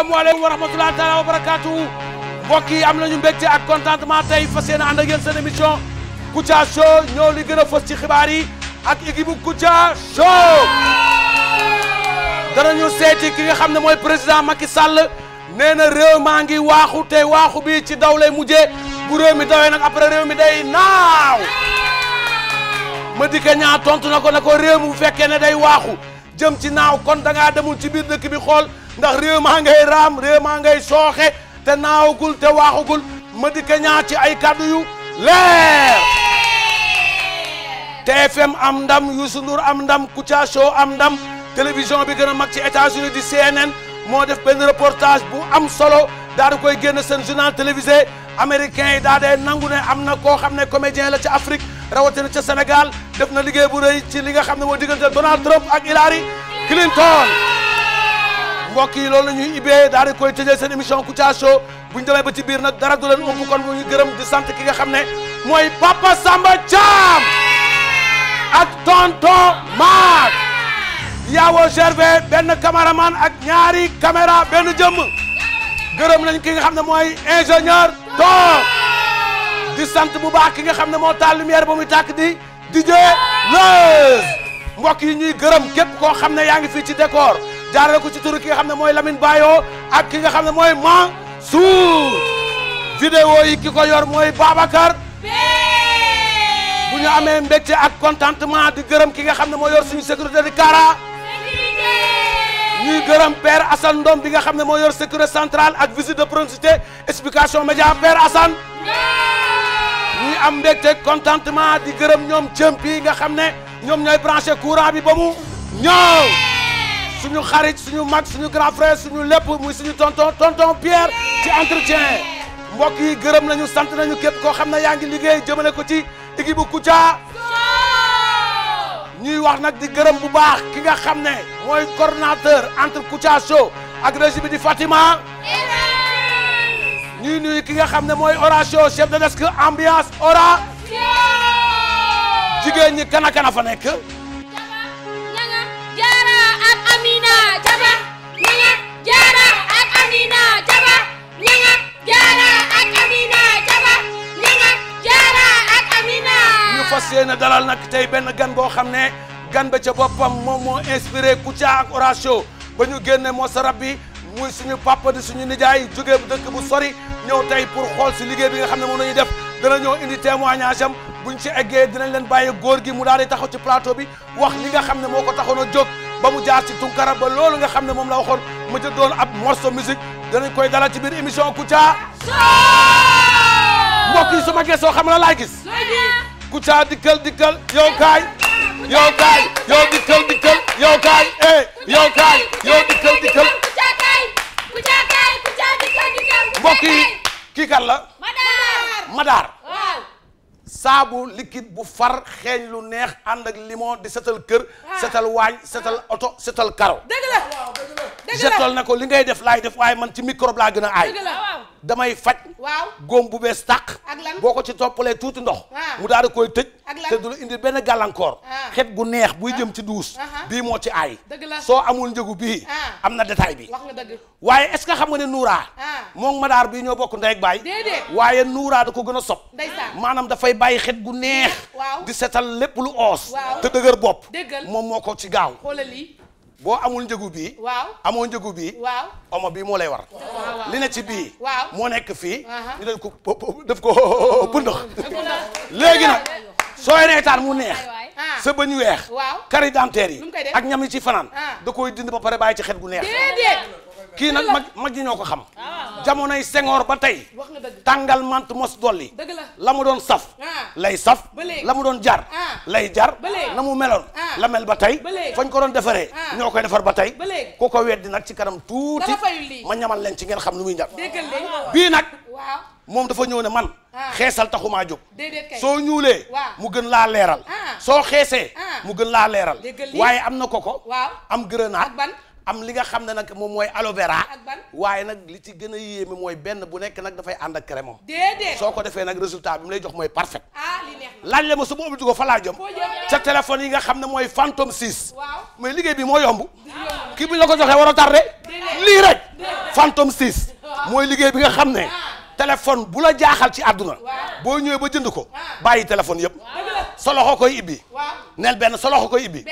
asalaamaaleykum wa rahmatulah taala wa barakaatu mbokk yi am nañu mbégte ak contentement tey fas yéene ànd ak yéen seen émission Kouthia Show ñoo li gën a fës ci xibaar yi ak équipe bu Kouthia Show. ñu seeti ki nga xam ne mooy président Macky sàll nee na réew maa ngi waaxu te waaxu bi ci daw lay mujjee bu réew mi dawee nag après réew mi day naaw. Madické Niang tontu na ko ne ko réew mi bu fekkee ne day waaxu jëm ci naaw kon da ngaa demul ci biir dëkk bi xool. ndax réew maa ngay raam réew maa ngay sooxe te naawagul te waaxagul ma di ci ay kàddu yu leer TFM am ndam Youssou Ndour am ndam Kouthia Show am ndam télévision bi gën a mag ci États-Unis di CNN moo def benn reportage bu am solo daal di koy génn seen journal télévisé américain yi daa dee nangu ne am na koo xam ne comédien la ci Afrique rawatina ci Sénégal def na liggéey bu rëy ci li nga xam ne moo diggante Donald Trump ak Hillary Clinton mbokk yi loolu la ñuy daal di koy tëjee seen émission Kouthia Show bu ñu demee ba ci biir dara du leen ëmb kon bu ñu gërëm di sant ki nga xam ne mooy Papa Samba Thiam ak tonton Mar yaawoo gervé benn caméraman ak ñaari caméra benn jëmm gërëm nañ ki nga xam ne mooy ingénieur donc di sant bu baax ki nga xam ne moo taal lumière ba muy tàkk di DJ Leuz mbokk yi ñuy gërëm képp koo xam ne yaa ngi fii ci décor jaarale ko ci turu ki nga xam ne mooy Lamine Bayo ak ki nga xam ne mooy Mansour vidéo yi ki ko yor mooy Babacar bu ñu amee mbégte ak contentement di gërëm ki nga xam ne mooy yor suñu sécurité di Kara ñuy gërëm Père Assane Ndom bi nga xam ne mooy yor sécurité central ak visite de proximité explication média Père Assane ñuy am mbégte contentement di gërëm ñoom jëm bi nga xam ne ñoom ñooy branché courant bi ba mu ñëw suñu xarit suñu mag suñu grand frère suñu lépp muy suñu tonton tonton Pierre ci entretien mbokk yi gërëm nañu sant nañu képp koo xam ne yaa ngi liggéey jëmale ko ci équipe bu Kouthia ñuy wax nag di gërëm bu baax ki nga xam ne mooy coordonnateur entre Kouthia Show ak régie bi di Fatima ñuy nuyu ki nga xam ne mooy Horatio chef de desk ambiance ora jigéen ñi kana kana fa nekk fas yéene dalal nag tey benn gan boo xam ne gan ba ca boppam moom moo inspiré Kouthia ak Horatio ba ñu génnee moo sa rab bi muy suñu papa di suñu nijaay jógee bu dëkk bu sori ñëw tey pour xool si liggéey bi nga xam ne moom la def dana ñëw indi témoignage am buñ ci eggee dinañ leen bàyyi góor gi mu daal di taxaw ci plateau bi wax li nga xam ne moo ko taxoon a jóg ba mu jaar ci Tunkara ba loolu nga xam ne moom la waxoon mu jël doon ab morceau musique danañ koy dalal ci biir émission Kouthia. mbokk yi su ma gëstoo xam la laay gis. Kouthia dikkal dikkal yow kaay. yow kaay yow dikkal dikkal yow kaay eh yow kaay yow dikkal dikkal. Kouthia kaay la. Madaar. saabu liquide bu far xeeñ lu neex ànd ak limon di setal kër ah. setal waañ setal ah. oto setal karo dëgg la ah, dëgg la setal na ko li ngay def laay def waaye man ci microbe laa gën a aay damay faj. waaw góom bu bees tàq. ak lan boo ko ci toppalee tuuti ndox. Ah. mu daal di koy tëj. te du la indi benn gàllankoor. Ah. xet gu neex buy ah. jëm ci duus. bii moo ci aay. soo amul njëgu bii. am na détail bi. wax nga dëgg waaye est-ce que xam nga ne Noura. moom Madaar bii ñoo bokk ndey ak baay. waaye Noura da ko gën a sob maanaam dafay bàyyi xet gu neex. di setal lépp lu oos. te dëgër bopp. moom moo ko ci gaaw. xoolal lii boo amul njëgu bii. waaw amoo njëgu bii. waaw omo bii moo lay war. li ne ci bii. waaw moo nekk fii. ñu def ko def ko pëndëx. léegi nag soo sooy reetaan mu neex. Ah. sa bañ weex. waaw carie dentaire yi. ak ñam yi ci fanaan. Ah. da koy dindi ba pare bàyyi ci xet gu neex. déedéet. kii nag mag mag ñi ñoo ko xam ah. jamonoy sengoor ba tey tàngal mant mos dolli la mu doon saf ah. lay saf la mu doon jar ah. lay jar na mu meloon la mel ba tey fañ ko doon defaree ñoo koy defar ba tey ku ko weddi nag ci kanam tuuti ma ñamal leen ci ngeen xam lu muy njar bii nag moom dafa ñëw ne man xeesal taxu maa jóg soo ñuulee mu gën laa leeral soo xeesee mu gën laa leeral waaye am na koko am grenade am li nga xam ne nag moom mooy aloe vera waaye nag li ci gën a yéeme mooy benn bu nekk nag dafay ànd ak crème moom déedéet soo ko defee nag résultat bi mu lay jox mooy parfait ah, laaj la ma su ma ko fa laa jëm ca téléphone yi nga xam ne mooy fantôme 6 mais liggéey bi moo yomb kii bi la ko joxee war a tardé lii rek fantôme 6 mooy liggéey bi nga xam ne ah. téléphone bu la jaaxal ci àdduna boo ñëwee ba jënd ko bàyyi téléphone yëpp sa loxo koy ibbi nel benn sa ko koy ibbi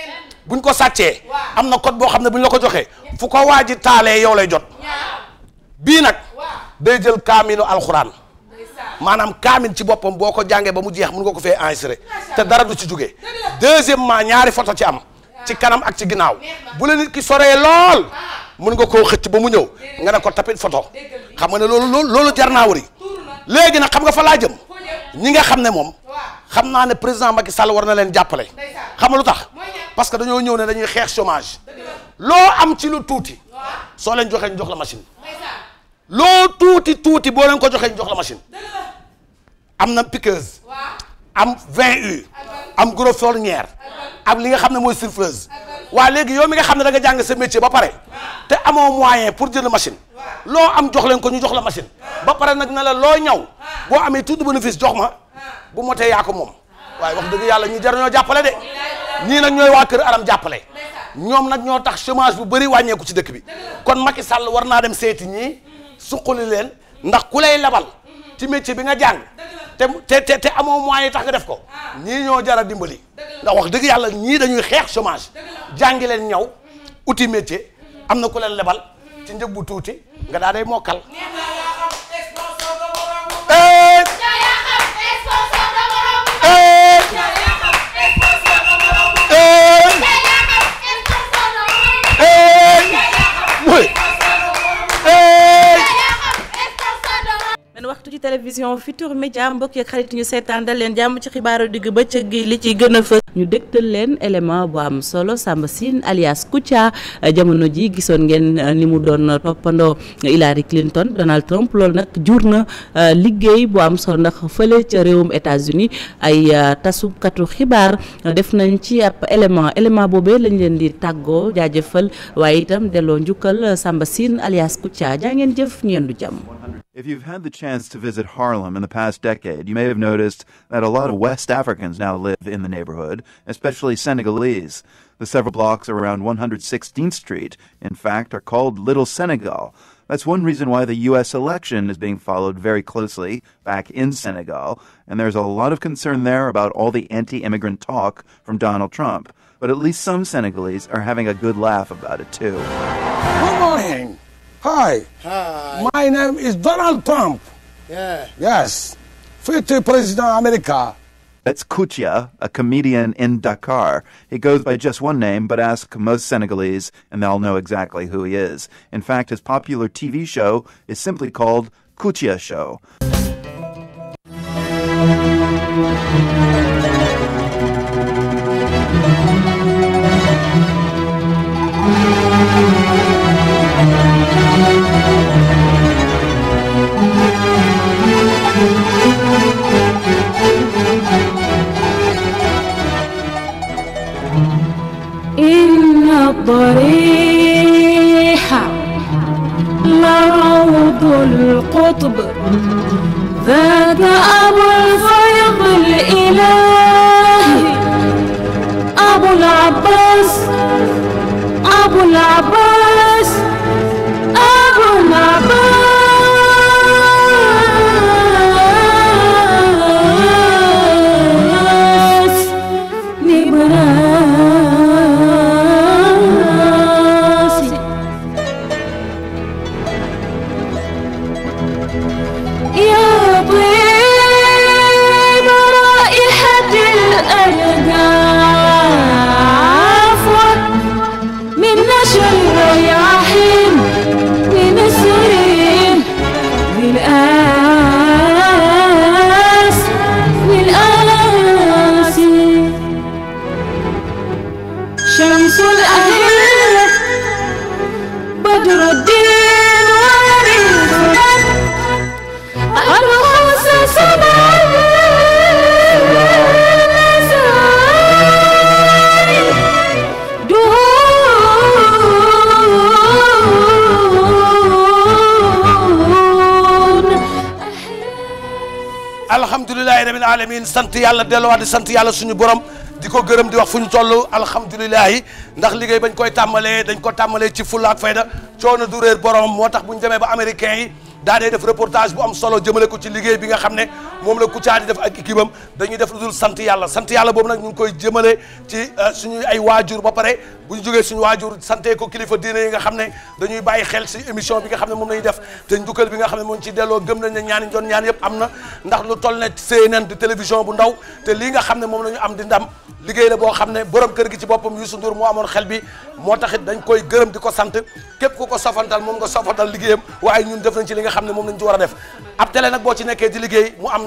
buñ ko sàccee am na code boo xam ne bu ñu la ko joxee fu ko waa ji taalee yow lay jot bii nag day jël kaaminu alxuraan maanaam kaamin ci boppam boo ko jàngee ba mu jeex mun nga ko fee enregistré te dara du ci jógee deuxièmement ñaari photo ci am ci kanam ak ci ginnaaw bu la nit ki soree lool ah. mun nga koo xëcc ba mu ñëw nga ne ko tapit photo xam nga ne loolu loolu loolu jar naa wari léegi nag xam nga fa laa jëm ñi nga xam ne moom xam naa ne président Macky Sall war na leen jàppale xam nga lu tax parce que dañoo ñëw ne dañuy xeex chômage loo am ci lu tuuti soo leen joxee ñu jox la machine loo tuuti tuuti boo leen ko joxee ñu jox la machine am na piqueuse am 20 U am gros solnière am li nga xam ne mooy surfeuse waa léegi yow mi nga xam ne da nga jàng sa métier ba pare te amoo moyen pour jënd machine loo am jox leen ko ñu jox la machine ba pare nag na la loo ñaw boo amee tout bénéfice jox ma bu motee yaa moom waaye wax dëgg yàlla ñi jar ñoo jàppale de ñii nag ñooy waa kër aram jàppale ñoom nag ñoo tax chômage bu bëri wàññeeku ci dëkk bi kon Macky sàll war naa dem seeti ñii suqali leen ndax ku lay labal ci métier bi nga jàng te te te amoo moyen tax nga def ko ah. ñii ñoo jara dimbali ndax wax dëgg yàlla ñii dañuy xeex chômage jàngi ñaw mhm. uti métier am na ku leen lebal ci njëg bu tuuti mhm. nga daa day mokkal benn waxtu ci télévision Futur Média mbokk yeeg ñu seetaan dal leen jàmm ci xibaaru digg bëccëg gi li ciy gën a fës ñu dégtal leen élément bu am solo Samba Sine alias Kouthia jamono ji gisoon ngeen uh, ni mu doon toppandoo Hillary Clinton Donald Trump loolu nag jur na uh, liggéey bu am solo ndax fële ca réewum États-Unis ay uh, tasukatu xibaar def nañ ci ab élément élément boobee lañ leen di tàggoo jaajëfal waaye itam delloo njukkal Samba Sine alias Kouthia jaa ngeen jëf ñeen du jàmm If you've had the chance to visit Harlem in the past decade, you may have noticed that a lot of West Africans now live in the neighborhood, especially Senegalese. The several blocks around 116th Street, in fact, are called Little Senegal. That's one reason why the U.S. election is being followed very closely back in Senegal, and there's a lot of concern there about all the anti immigrant talk from Donald Trump. But at least some Senegalese are having a good laugh about it, too. Good morning! Hi. Hi. My name is Donald Trump. Yeah. Yes. Future President of America. That's Kuchia, a comedian in Dakar. He goes by just one name, but ask most Senegalese, and they'll know exactly who he is. In fact, his popular TV show is simply called Kuchia Show. إن الضريح لروض القطب ذات أبو الفيض الإلهي أبو العباس أبو العباس alamin sant yàlla delluwaat di sant yàlla suñu borom di ko gërëm di wax fu ñu toll alhamdulilahi ndax liggéey bañ koy tàmbalee dañ ko tàmbalee ci fulla ak fayda coono du réer borom moo tax bu ñu demee ba américain yi daa dee def reportage bu am solo jëmale ko ci liggéey bi nga xam ne moom la Kouthia di def ak équipe am dañuy def lu dul sant yàlla sant yàlla boobu nag ñu koy jëmale ci euh, suñuy ay waajur ba pare bu ñu jógee suñu waajur sante ko kilifa diine yi nga xam ne dañuy bàyyi xel si émission bi nga xam ne moom lañuy bi nga xam ne moom ci delloo gëm nañ ne ñaani doon ñaan yëpp am na ndax lu di bu ndaw te lii xam ne moom la ñu am di ndam liggéey la boo xam ne borom kër gi ci boppam Youssou Ndour moo amoon xel bi moo taxit dañ koy gërëm di ko sant képp ku ko sofantal moom nga sofantal liggéeyam waaye ñun def nañ ci li nga xam ne moom lañ ci war a def ab télé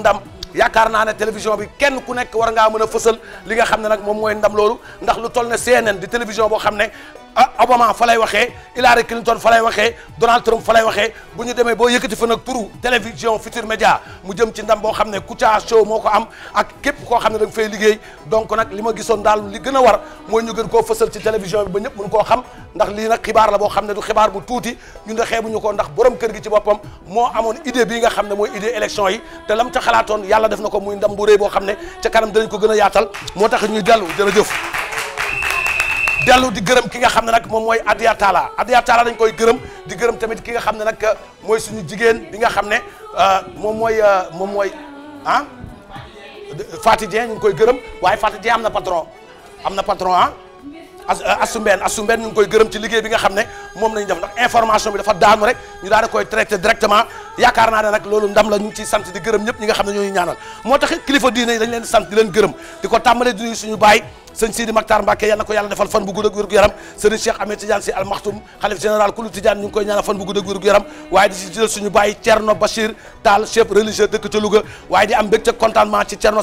am ndam yaakaar naa ne télévision bi kenn ku nekk war ngaa mën a fësal li nga xam ne nag moom mooy ndam loolu ndax lu toll ne CNN di télévision boo xam ne Ah, Obama fa lay waxee Hillary Clinton fa lay waxee Donald Trump fa lay waxee bu ñu demee boo yëkkati fa nag turu télévision Futur Média mu jëm ci ndam boo xam ne ku Kouthia Show moo ko am ak képp koo xam ne da nga fay liggéey donc nag li ma gisoon daal li gën a war mooy ñu gën koo fësal ci télévision bi ba ñëpp mun koo xam ndax li nag xibaar la boo xam ne du xibaar bu tuuti ñu ne ñu ko ndax borom kër gi ci boppam moo amoon idée bi nga xam ne mooy idée élection yi te lam xalaatoon yàlla def na ko muy ndam boo xam ne ca kanam ko gën a yaatal moo tax ñuy dellu jërëjëf dellu di gërëm ki nga xam ne nag moom mooy Adia Talla Adia dañ koy gërëm di gërëm tamit ki nga xam ne nag euh, mooy suñu jigéen bi nga xam ne euh, moom mooy euh, moom mooy ah Fatou Dieng ñu ngi koy gërëm waaye Fatou Dieng am na patron am na patron ah Assoumben Assoumben ñu ngi koy gërëm ci liggéey bi nga xam ne moom lañu def ndax information bi dafa daanu rek ñu daal di koy traité directement yaakaar naa ne nag loolu ndam la ñu ci sant di gërëm ñëpp ñi nga xam ne ñooñu ñaanal moo tax kilifa diine yi dañ leen sant di leen gërëm di ko tàmbalee di suñu baay sëñ Sidi Maktar Mbacke yal na ko yàlla defal fan bu gudd ak wér yaram sëriñ Cheikh Ahmed Tidiane Sy Al Maktoum général kulu Tidiane ñu ngi koy ñaanal fan bu gudd ak wér yaram waaye di si jël suñu bàyyi Thierno Bachir Tall chef religieux dëkk ca waaye di am mbégte ci Thierno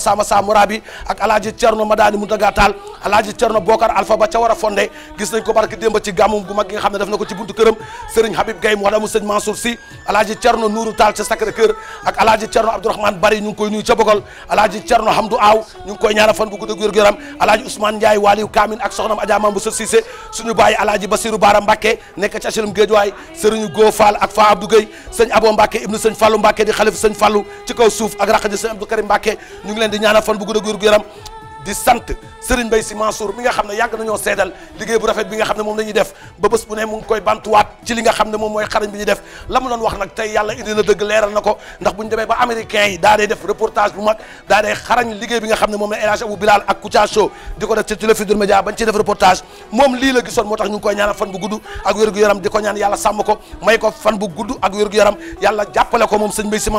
Nourou Tall ca Sacré Cœur ak alaaji Cerno Abdourahmane Bari ñu ngi koy nuyu ca Bogol alaaji Cerno Hamdou Aw ñu koy ñaanal fan bu gudd ak wér-gu-yaram alaaji Ousmane Ndiaye Waliou Kamin ak soxnam Adja Mame Bousso Cissé suñu bàyyi alaaji Basirou Bara Mbacké nekk ca HLM Guédiawaye sëriñu Go Fall ak Fa Abdou Gueye sëñ Abo Mbacké ibnu sëñ Fallou Mbacké di xalif sëñ Fallou ci kaw suuf ak raqaji sëñ Abdou Karim Mbacké ñu ngi leen di ñaana fan bu gudd ak wér-gu-yaram di sant Serigne Mbaye Sy Mansour mi nga xam ne yàgg nañoo seedal liggéey bu rafet bi nga xam ne moom la ñuy def ba bés bu ne mu koy bantuwaat ci li nga xam ne moom mooy xarañ bi ñuy def la mu wax nag tey yàlla indi na dëgg leeral na ko ndax bu ñu ba américains yi daa def reportage bu mag daa xarañ liggéey bi nga xam ne moom la El Hadj Abou Bilal ak Kouthia Show di ko def ci le Futurs Médias bañ ci reportage moom lii la gisoon moo tax ñu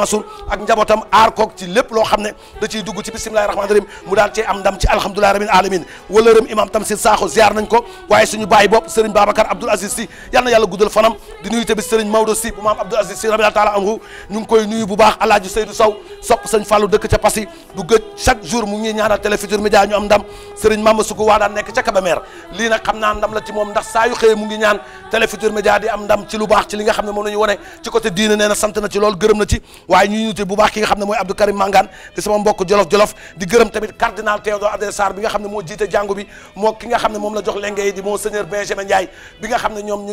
koy lépp loo xam ne da ciy ci alhamdulillahi rabbil alamin wala rëm imam Tamsir Sakho ziar nañ ko waaye suñu bàyyi bopp Serigne Babacar Abdoul Aziz Sy yal na yàlla guddal fanam di nuyu tamit Serigne Maodo Sy bu maam Abdoul Aziz Sy rabbil taala anhu ñu koy nuyu bu baax alaaji Seydou Sow sopp sëñ Fallou dëkk ca Passy du gëj jour mu ngi am ndam Serigne Mamba Sugu ñaan Télé Futurs di am ndam ci lu baax ci li nga xam ne moom la ñu wone ci côté diine nee na sant ci loolu gërëm na ci waaye Abdou Adé Sarr bi nga xam ne moo jiite jàngu ne moom la jox lengey di Monseigneur Benjamin Ndiaye bi nga xam ne ñoom ñu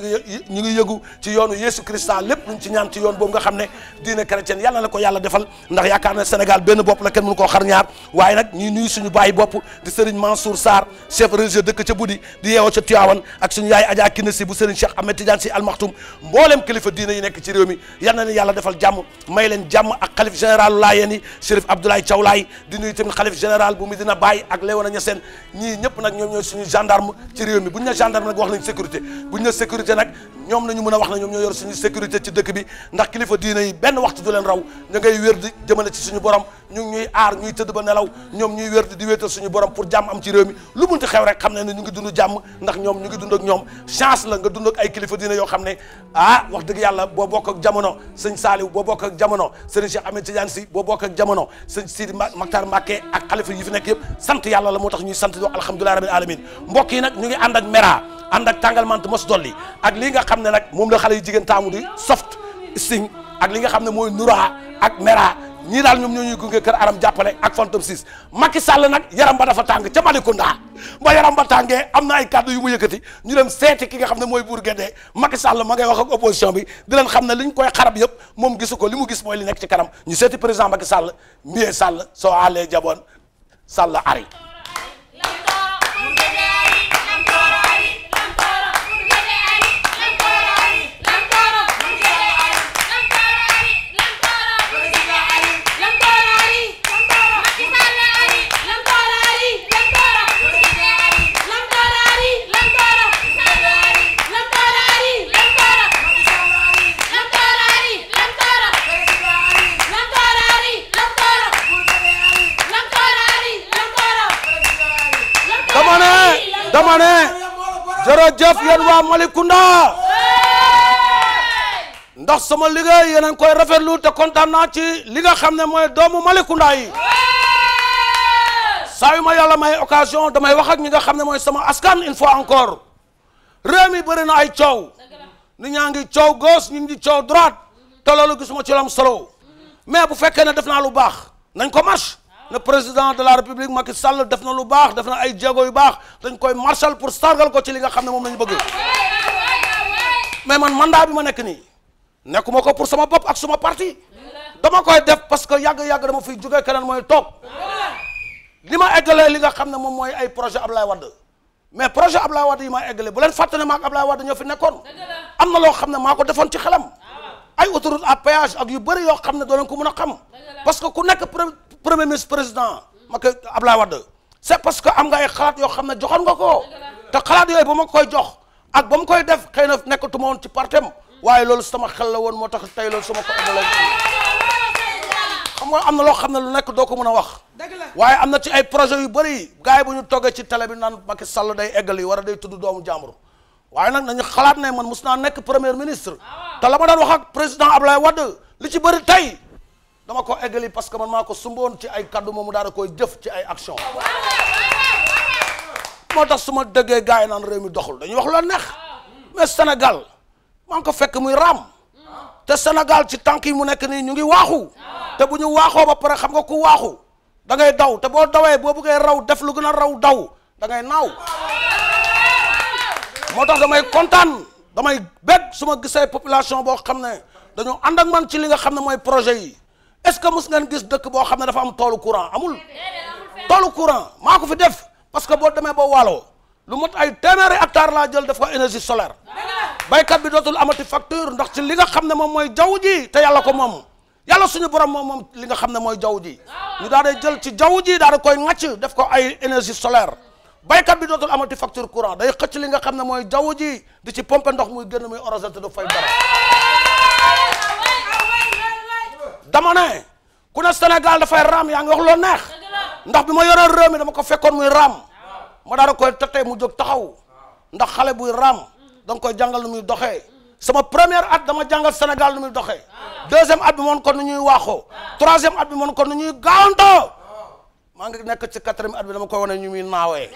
ngi ñu ci yoonu Yeesu Christa lépp luñ ci ñaan ci yoon boobu nga xam ne diine chrétienne yàlla la ko yàlla defal ndax yaakaar na Sénégal benn bopp la kenn mënu koo xar ñaar waaye nag ñuy nuyu suñu bàyyi bopp di Serigne Mansour Sarr chef religieux dëkk ca Budi di yeewoo ca Tiwaawan ak suñu yaay Adja Kiné Sy bu Serigne Cheikh Ahmed Al Maktoum mboolem na leen yi Faye ak Léona seen ñii ñëpp nag ñoom ñooy suñu gendarme ci réew mi bu ñu ne gendarme nag wax nañ sécurité bu ñu sécurité nag ñoom la ñu mën a wax ne ñoom ñoo yor suñu sécurité ci dëkk bi ndax kilifa diina yi benn waxtu du leen raw ñu ngay wér di jëmale ci suñu borom ñu ngi ñuy aar ñuy tëdd ba nelaw ñoom ñuy wér di di wéetal suñu borom pour jàmm am ci réew mi lu munti xew rek xam ne ne ñu ngi dund jàmm ndax ñoom ñu ngi dund ak ñoom chance la nga dund ak ay kilifa diina yoo xam ne ah wax dëgg yàlla boo bokk ak jamono sëñ Saaliw boo bokk ak jamono sëñ Cheikh Ahmed Tidiane bokk jamono sëñ Sidi Maktar Mbàkke ak xalifa yi fi nekk yëpp sant yàlla la moo tax ñuy sant di wax alhamdulillahi rabbil alamin yi nag ñu ngi ànd ak ànd ak tàngal mant mos dolli ak lii nga xam ne nag moom la xale yi jigéen taamu di soft sing ak li nga xam ne mooy nuraa ak mera ñii daal ñoom ñoo ñuy gunge kër aram jàppale ak Phantom sis Macky Sall nag yaram ba dafa tàng ca Malicounda ba yaram ba tàngee am na ay kàddu yu mu yëkkati ñu dem seeti ki nga xam ne mooy buur Gédé Macky Sall ma ngay wax ak opposition bi di leen xam ne liñ koy xarab yëpp moom gisu ko li mu gis mooy li nekk ci kanam ñu seeti président Macky Sall mbiyee Sall soo àllee jaboon Sall ari dama ne jërëjëf yéen waa Malicounda ndax sama liggéey yéen a ngi koy rafetlu te kontaan naa ci li nga xam ne mooy doomu Malicounda yi saa ma yàlla may occasion damay wax ak ñi nga xam ne mooy sama askan une fois encore réew mi bëri na ay coow nit ñaa ngi coow gauche ñu ngi coow droite te loolu gisuma ci lam solo mais bu fekkee ne def naa lu baax nañ ko marche. le président de la république Macky Sall def na lu baax def na ay jéego yu baax dañ koy marshal pour sargal ko ci li nga xam ne moom lañu bëgg mais man mandat bi ma nekk nii nekkuma ko pour sama bopp ak suma parti dama koy def parce que yàgg-yàgg dama fiy jógee kenan mooy toog li ma eggalee li nga xam ne moom mooy ay projet Ablaye Wade mais projet Ablaye Wade yi ma eggalee bu leen fàtte ne ma ak Ablaye Wade fi nekkoon am na loo xam ne maa ko defoon ci xelam ay autoroute a péage ak yu bëri yoo xam ne doo leen ko mën a xam parce que ku nekk premier ministre président ma koy Abdoulaye Wade c'est parce que am nga ay xalaat yoo xam ne joxoon nga ko te xalaat yooyu ba ma koy jox ak ba mu koy def xëy na nekkatuma woon ci partem waaye loolu sama xel la woon moo tax tey loolu sama ko amaloon xam nga am na loo xam ne lu nekk doo ko mën a wax waaye am na ci ay projet yu bari gars yi bu ñu toggee ci télé bi naan Sall day eggal yi war day tudd doomu jàmbur waaye nag nañu xalaat ne man mos naa nekk premier ministre te la ma daan wax ak président Ablaye Wade li ci bëri tey dama ko eggali parce que man maa ko sumboon ci ay kaddu moomu daal di koy jëf ci ay action moo tax su ma dëggee gars yi naan réew mi doxul dañuy wax lu neex mais Sénégal maa ngi ko fekk muy raam te Sénégal ci tànk yi mu nekk nii ñu ngi waaxu te bu ñu waaxoo ba pare xam nga ku waaxu da ngay daw te boo dawee boo bëggee raw def lu gën a raw daw da ngay naaw moo tax damay kontaan damay bég suma ma gisee population boo xam ne dañoo ànd ak man ci li nga xam ne mooy projet yi est-ce que mus ngeen gis dëkk boo xam ne dafa am toolu courant amul toolu courant maa ko fi def parce que boo demee ba waaloo lu mot ay téeméeri hectare laa jël def ko énergie solaire baykat bi dootul amati facture ndax ci li nga xam ne moom mooy jaww ji te yàlla ko moom yàlla suñu borom moom li nga xam ne mooy jaww ji ñu daal di jël ci jaww ji daal di koy ŋàcc def ko ay énergie solaire baykat bi dootul amati facture courant day xëcc li nga xam ne mooy jaww ji di ci pompe ndox muy génn muy arrosé te du fay dara dama ne ku ne Sénégal dafay raam yaa ngi wax loo ndax bi ma yoroon réew mi dama ko fekkoon muy raam ma daal koy tëtee mu jóg taxaw ndax xale buy raam danga koy jàngal nu muy doxee sama première at dama jàngal Sénégal nu muy doxee deuxième at bi moon ko nu ñuy waaxoo troisième at bi moon ko nu ñuy gaawantoo maa ngi nekk ci quatrième at bi dama koy wane ñu muy naawee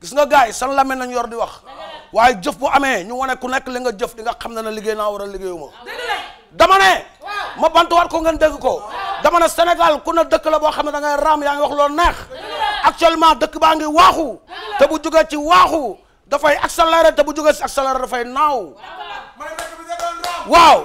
gis nga gars yi san lame nañ yor di wax waaye jëf bu amee ñu wane ku nekk li nga jëf di nga xam ne na liggéey naa war a liggéeyuma dama ne ma bantuwaat ko ngeen dégg ko dama ne Sénégal ku ne dëkk la boo xam ne da ngay raam yaa ngi wax loolu neex actuellement dëkk baa ngi waaxu te bu jógee ci waaxu dafay accéléré te bu jógee ci accéléré dafay naaw waaw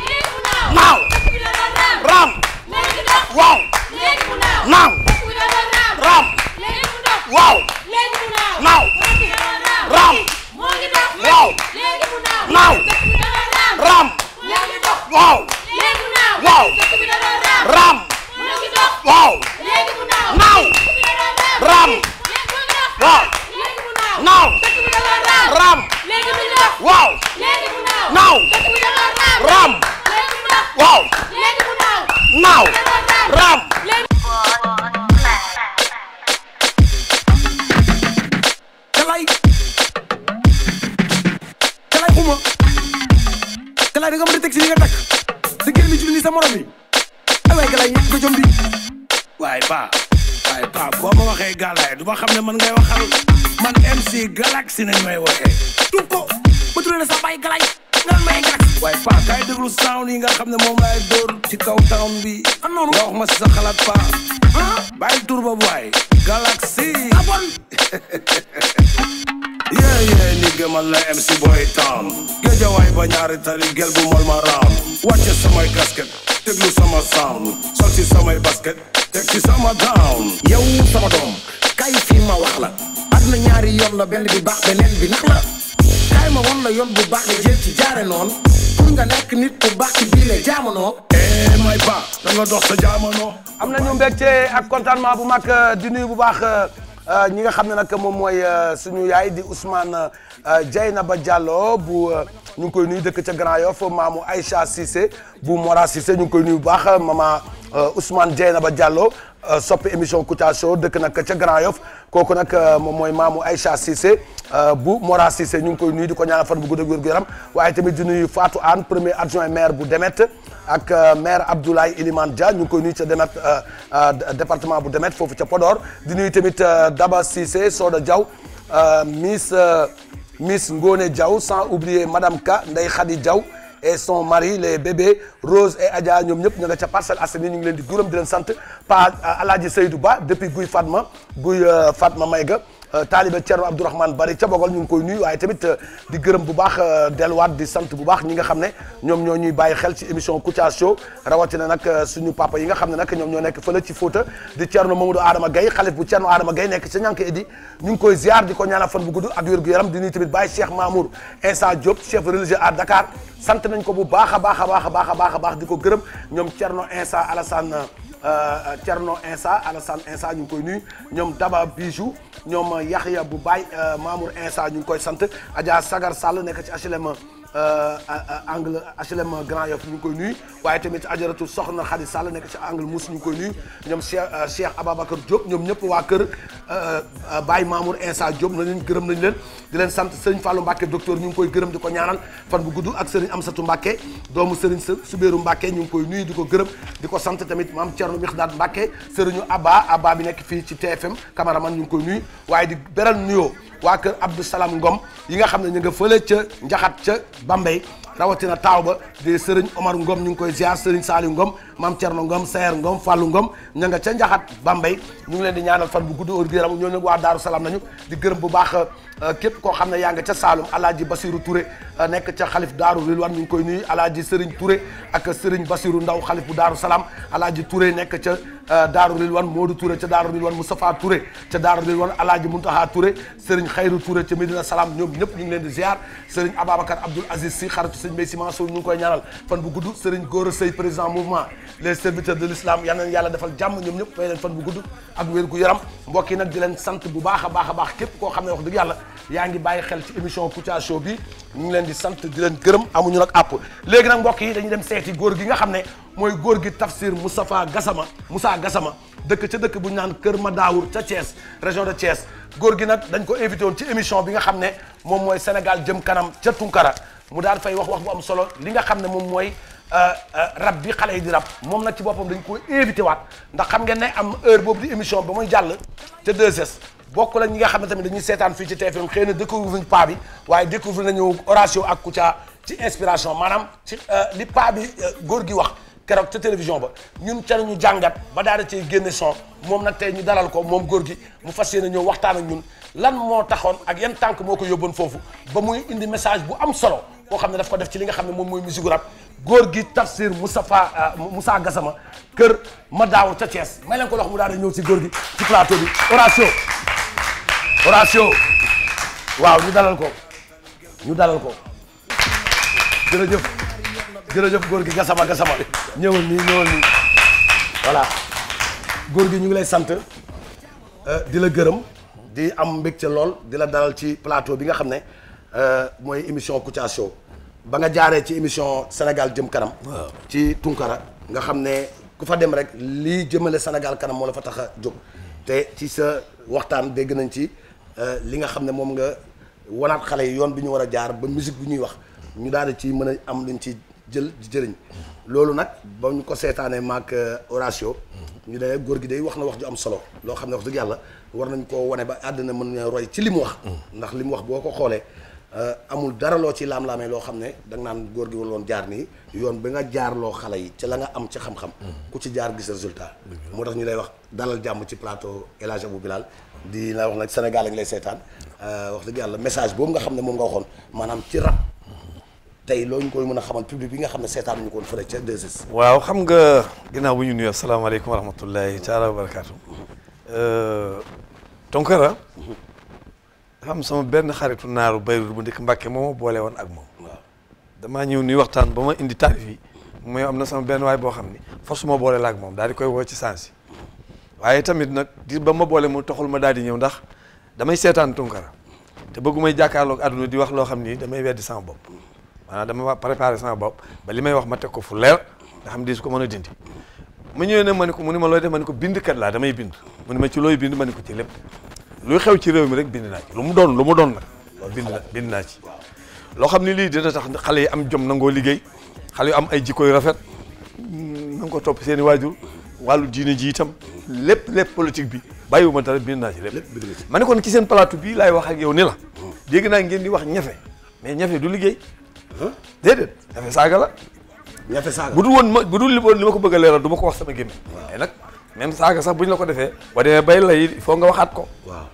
now. Wrong. Now. du ma xam ne man ngay waxal man MC Galaxy nañ may woowee. tuub ko ba tudd na sa bay galay nga doon may galaxy. waaye Paa kaay déglu sound yi nga xam ne moom laay dóor ci kaw town bi. am ah, noonu nga wax ma si sa xalaat Paa. Ah? bàyyi tur boobu waaye. Galaxy. ah bon. yee yee ni gëmal la MC Boy Town. géejawaay ba ñaari tali gel bu mol ma raam. wàcce samay casquette. déglu sama sound. sol ci samay basket. teg ci sama down. yow sama doom. kay fii ma wax la àdduna ñaari yoon la benn bi baax beneen bi nax la ma won la yoon bu baax nga jël ci jaare noonu pour nga nekk nit ku baax ci biile jaamonoo eh may ba da nga dox sa jaamonoo am nañu mbégte ak contentement bu mag euh, di nuyu bu baax euh, euh, ñi nga xam ne nag moom mooy suñu yaay di Ousmane ba Diallo bu ñu ngi koy nuyu dëkk ca Grand Yoff maamu Aïcha Cissé bu Mora Cissé ñu ngi koy nuyu bu baax mama Ousmane ba Diallo Euh, sopp émission Kouthia Show dëkk nag ca Grand Yoff kooku nag euh, moom mooy maamu Aïcha Cissé euh, bu Mora Cissé ñu ngi koy nuyu di ko ñaanal fan bu gudd ak waaye tamit di nuyu Fatou Anne premier adjoint maire bu Demet ak maire Abdoulaye Ilimane Dia ñu ngi koy nuyu ca Demet département bu Demet foofu ca Podor di nuyu tamit Daba Cissé Soda Diaw Miss Miss Ngone Diaw sans oublier Madame Ka Ndeye Khady Diaw et son mari le bébés Rose et Adja ñoom ñëpp ña nga ca Parcelles Assainies ñu ngi leen di gërëm di sant Pa euh, Alaaji Seydou Ba depuis Guy Fatma Guy euh, may ga taalibe Thierno Abdourahmane Bari ca Bogol ñu ngi koy nuyu waaye tamit euh, di gërëm bu baax euh, delluwaat di sant bu baax ñi nga xam ne ñoom ñoo ñuy bàyyi xel ci émission Kouthia Show rawatina nag euh, suñu papa yi nga xam ne nag ñoom ñoo nekk fële ci Fouta di Thierno Mamadou Adama gay xalif bu Thierno Adama gay nekk ca ñànk Edi ñu ngi koy ziar di ko ñaana fan bu gudd ak wér gu yaram di nuyu tamit bay Cheikh Mamour Insa Diop chef religieux à Dakar sant nañ ko bu baax a baax a baax a baax a baax di ko gërëm ñoom Thierno Insa Alassane Euh, euh, Thierno Insa Alassane Insa ñu ngi koy nuyu ñoom Daba Bijou ñoom Yaxya bu Baay euh, Mamour Insa ñu ngi koy sant Adja Sagar Sall nekk ci HLM Euh, euh, euh, angle HLM Grand Yoff ñu ngi koy nuyu waaye tamit ajaratu soxna Khady Sall nekk ci angle Mousse ñu ngi koy nuyu ñoom Cheikh Cheikh Ababacar Diop ñoom ñëpp waa kër Baye Mamour instant Diop na leen gërëm nañ leen di leen sant Serigne Fallou Mbacke docteur ñu ngi koy gërëm di ko ñaanal fan bu gudd ak Serigne Amsatou Mbacke doomu Serigne Soubérou Mbacke ñu ngi koy nuyu di ko gërëm di ko sant tamit maam Thierno Mixdaat Mbacke Serigne Abba Abba bi nekk fii ci TFM man ñu ngi koy nuyu waaye di beral nuyoo waa kër Abdou Salam Ngom yi nga xam ne ñu nga fële ca Njaxat ca Bambey rawatina taaw ba di Serigne ngoom ñu ngi koy ziar Serigne Saliou Ngom Mame Thierno Ngom Sayer Ngom Fallou Ngom ña nga ca Njaxat Bambey ñu ngi leen di ñaanal fan bu gudd wér gu yaram ñoo nag waa Daaru Salaam nañu di gërëm bu baax euh, euh, képp koo xam ne yaa nga ca Saloum Alaaji Basirou Touré euh, nekk ca xalif Daaru Rilwan ñu ngi koy nuyu Alaaji Serigne Touré ak Serigne Basirou Ndaw xalif bu Daaru Salaam Alaaji Touré nekk ca Daaru Rilwan Modou Touré ca Daaru Rilwan Moustapha Touré ca Daaru Rilwan Alaaji Muntaha Touré Serigne Xayru Touré ca Medina Salaam ñoom ñëpp ñu ngi leen di ziar Serigne Ababacar Abdoul Aziz Si xaritu sëñ Mbaye Sy Mansour ñu ngi koy ñaanal fan bu gudd Serigne Gora Seye président mouvement les serviteurs de l'islam yal na yàlla defal jàmm ñoom ñëpp fay leen fan bu gudd ak wér gu yaram mbokk yi nag di leen sant bu baax a baax a baax képp koo xam ne wax dëgg yàlla yaa ngi bàyyi xel ci émission Kouthia Show bi ñu ngi leen di sant di leen gërëm amuñu nag àpp léegi nag mbokk yi dañuy dem seeti góor gi nga xam ne mooy góor gi Tafsir Moustapha Gassama Moussa Gassama dëkk ca dëkk bu ñu naan Kër Madaawur ca Thiès région de Thiès góor gi nag dañ ko invité woon ci émission bi nga xam ne moom mooy Sénégal jëm kanam ca Tunkara mu daal fay wax wax bu am solo li nga xam ne moom mooy euh, euh, rab bi xale yi di rab moom nag ci boppam dañ ko éviter waat ndax xam ngeen ne am heure boobu di émission ba muy jàll te 2S bokk la ñi nga xam ne tamit dañuy seetaan fii ci TFM xëy na découvrir nañu paa bi waaye découvrir nañu Horatio ak ku Kouthia ci inspiration maanaam ci euh, li paa bi góor gi wax keroog ca télévision ba ñun ca ñu jàngat ba daal di cay génne son moom nag tey ñu dalal ko moom góor gi mu fas yéene ñëw waxtaan ak ñun. lan moo taxoon ak yan tànk moo ko yóbboon foofu ba muy indi message bu am solo koo xam ne daf ko def ci li nga xam ne moom mooy musique rap góor gi Tafsir Moustapha euh, Moussa Gassama ma Madaaw ca Thiès may leen ko lox mu daal di ñëw si góor gi ci plateau bi Horatio waaw ñu dalal ko ñu dalal ko jërëjëf jëf góor gi Gassama Gassama ñëwal nii ñëwal nii voilà góor gi ñu ngi lay sant euh, di la gërëm di am ca lool di la dalal ci plateau bi nga xam ne euh, mooy émission Kouthia ba nga jaaree ci émission Sénégal jëm kanam. ci Tunkara nga xam ne ku fa dem rek lii jëmale Sénégal kanam moo la fa tax jóg te ci sa waxtaan dégg nañ ci euh, li nga xam ne moom nga wanaat xale yi yoon bi ñu war a jaar ba musique bi ñuy wax ñu daal di ci mën a am luñ ci jël di jëriñ loolu nag ba ñu ko seetaanee maak euh, Horatio mm. ñu ne góor gi day wax na wax ju am solo loo xam ne wax dëgg yàlla. war nañ koo wane ba àddina mën na roy ci li mu wax ndax li mu wax boo ko xoolee euh, amul dara loo ci laam-laamee loo xam ne da naan góor gi waloon jaar nii yoon bi nga jaar loo xale yi ci la nga am ci xam-xam ku ci jaar gis résultat moo tax ñu lay wax dalal jàmm ci plateau El Hadj Abou Bilal di la wax nag Sénégal lañ lay seetaan euh, wax dëgg yàlla message boobu nga xam ne moom nga waxoon maanaam ci rab tey loo ñu koy mën a xamal public bi nga xam ne seetaan ñu koon fële ca 2 waaw xam nga ginnaaw bu ñu nuyoo asalaamaaleykum wa rahmatullahi taala wa barakaatu euh, Tounkara euh, xam sama benn xaritu naaru Bayrul bu ndekk mbakke moom boole woon ak moom damaa ñëw nii waxtaan ba ma indi tarif yi mooy am na sama benn waay boo xam ni su ma boole la ak moom daal di koy woo ci sens yi waaye tamit nag di ba ma boole mu taxul ma daal di ñëw ndax damay seetaan Tounkara te bëggumay jàkkaarloog àdduna di wax loo xam ni damay weddi sama bopp maanaam dama préparé sama bopp ba li may wax ma teg ko fu leer nga xam di ko mën a dindi ma ñëwee ne ma ne ko mu ni ma looy def ma ne ko bindkat laa damay bind mu ma ci looy bind ma ne ko ci lépp luy xew ci réew mi rek bind naa lu mu doon lu mu doon nag loolu bind naa bind naa ci loo xam ne lii dina tax xale yi am jom nangoo liggéey xale yu am ay jikko yu rafet na ko topp seen i wàllu diine ji itam lépp lépp politique bi bàyyiwuma dara bind naa ci lépp ma ne kon ci seen bii laay wax ak yow ni la dégg naa ngeen di wax ñafe mais ñafe du liggéey déedéet ñafe saaga la ñafe saaga bu du woon ma bu dul li woon li ma ko bëgg a leeral du ko wax sama gémmiñ nag même saaga sax bu ñu la ko defee ba demee bay lay foo nga waxaat ko waaw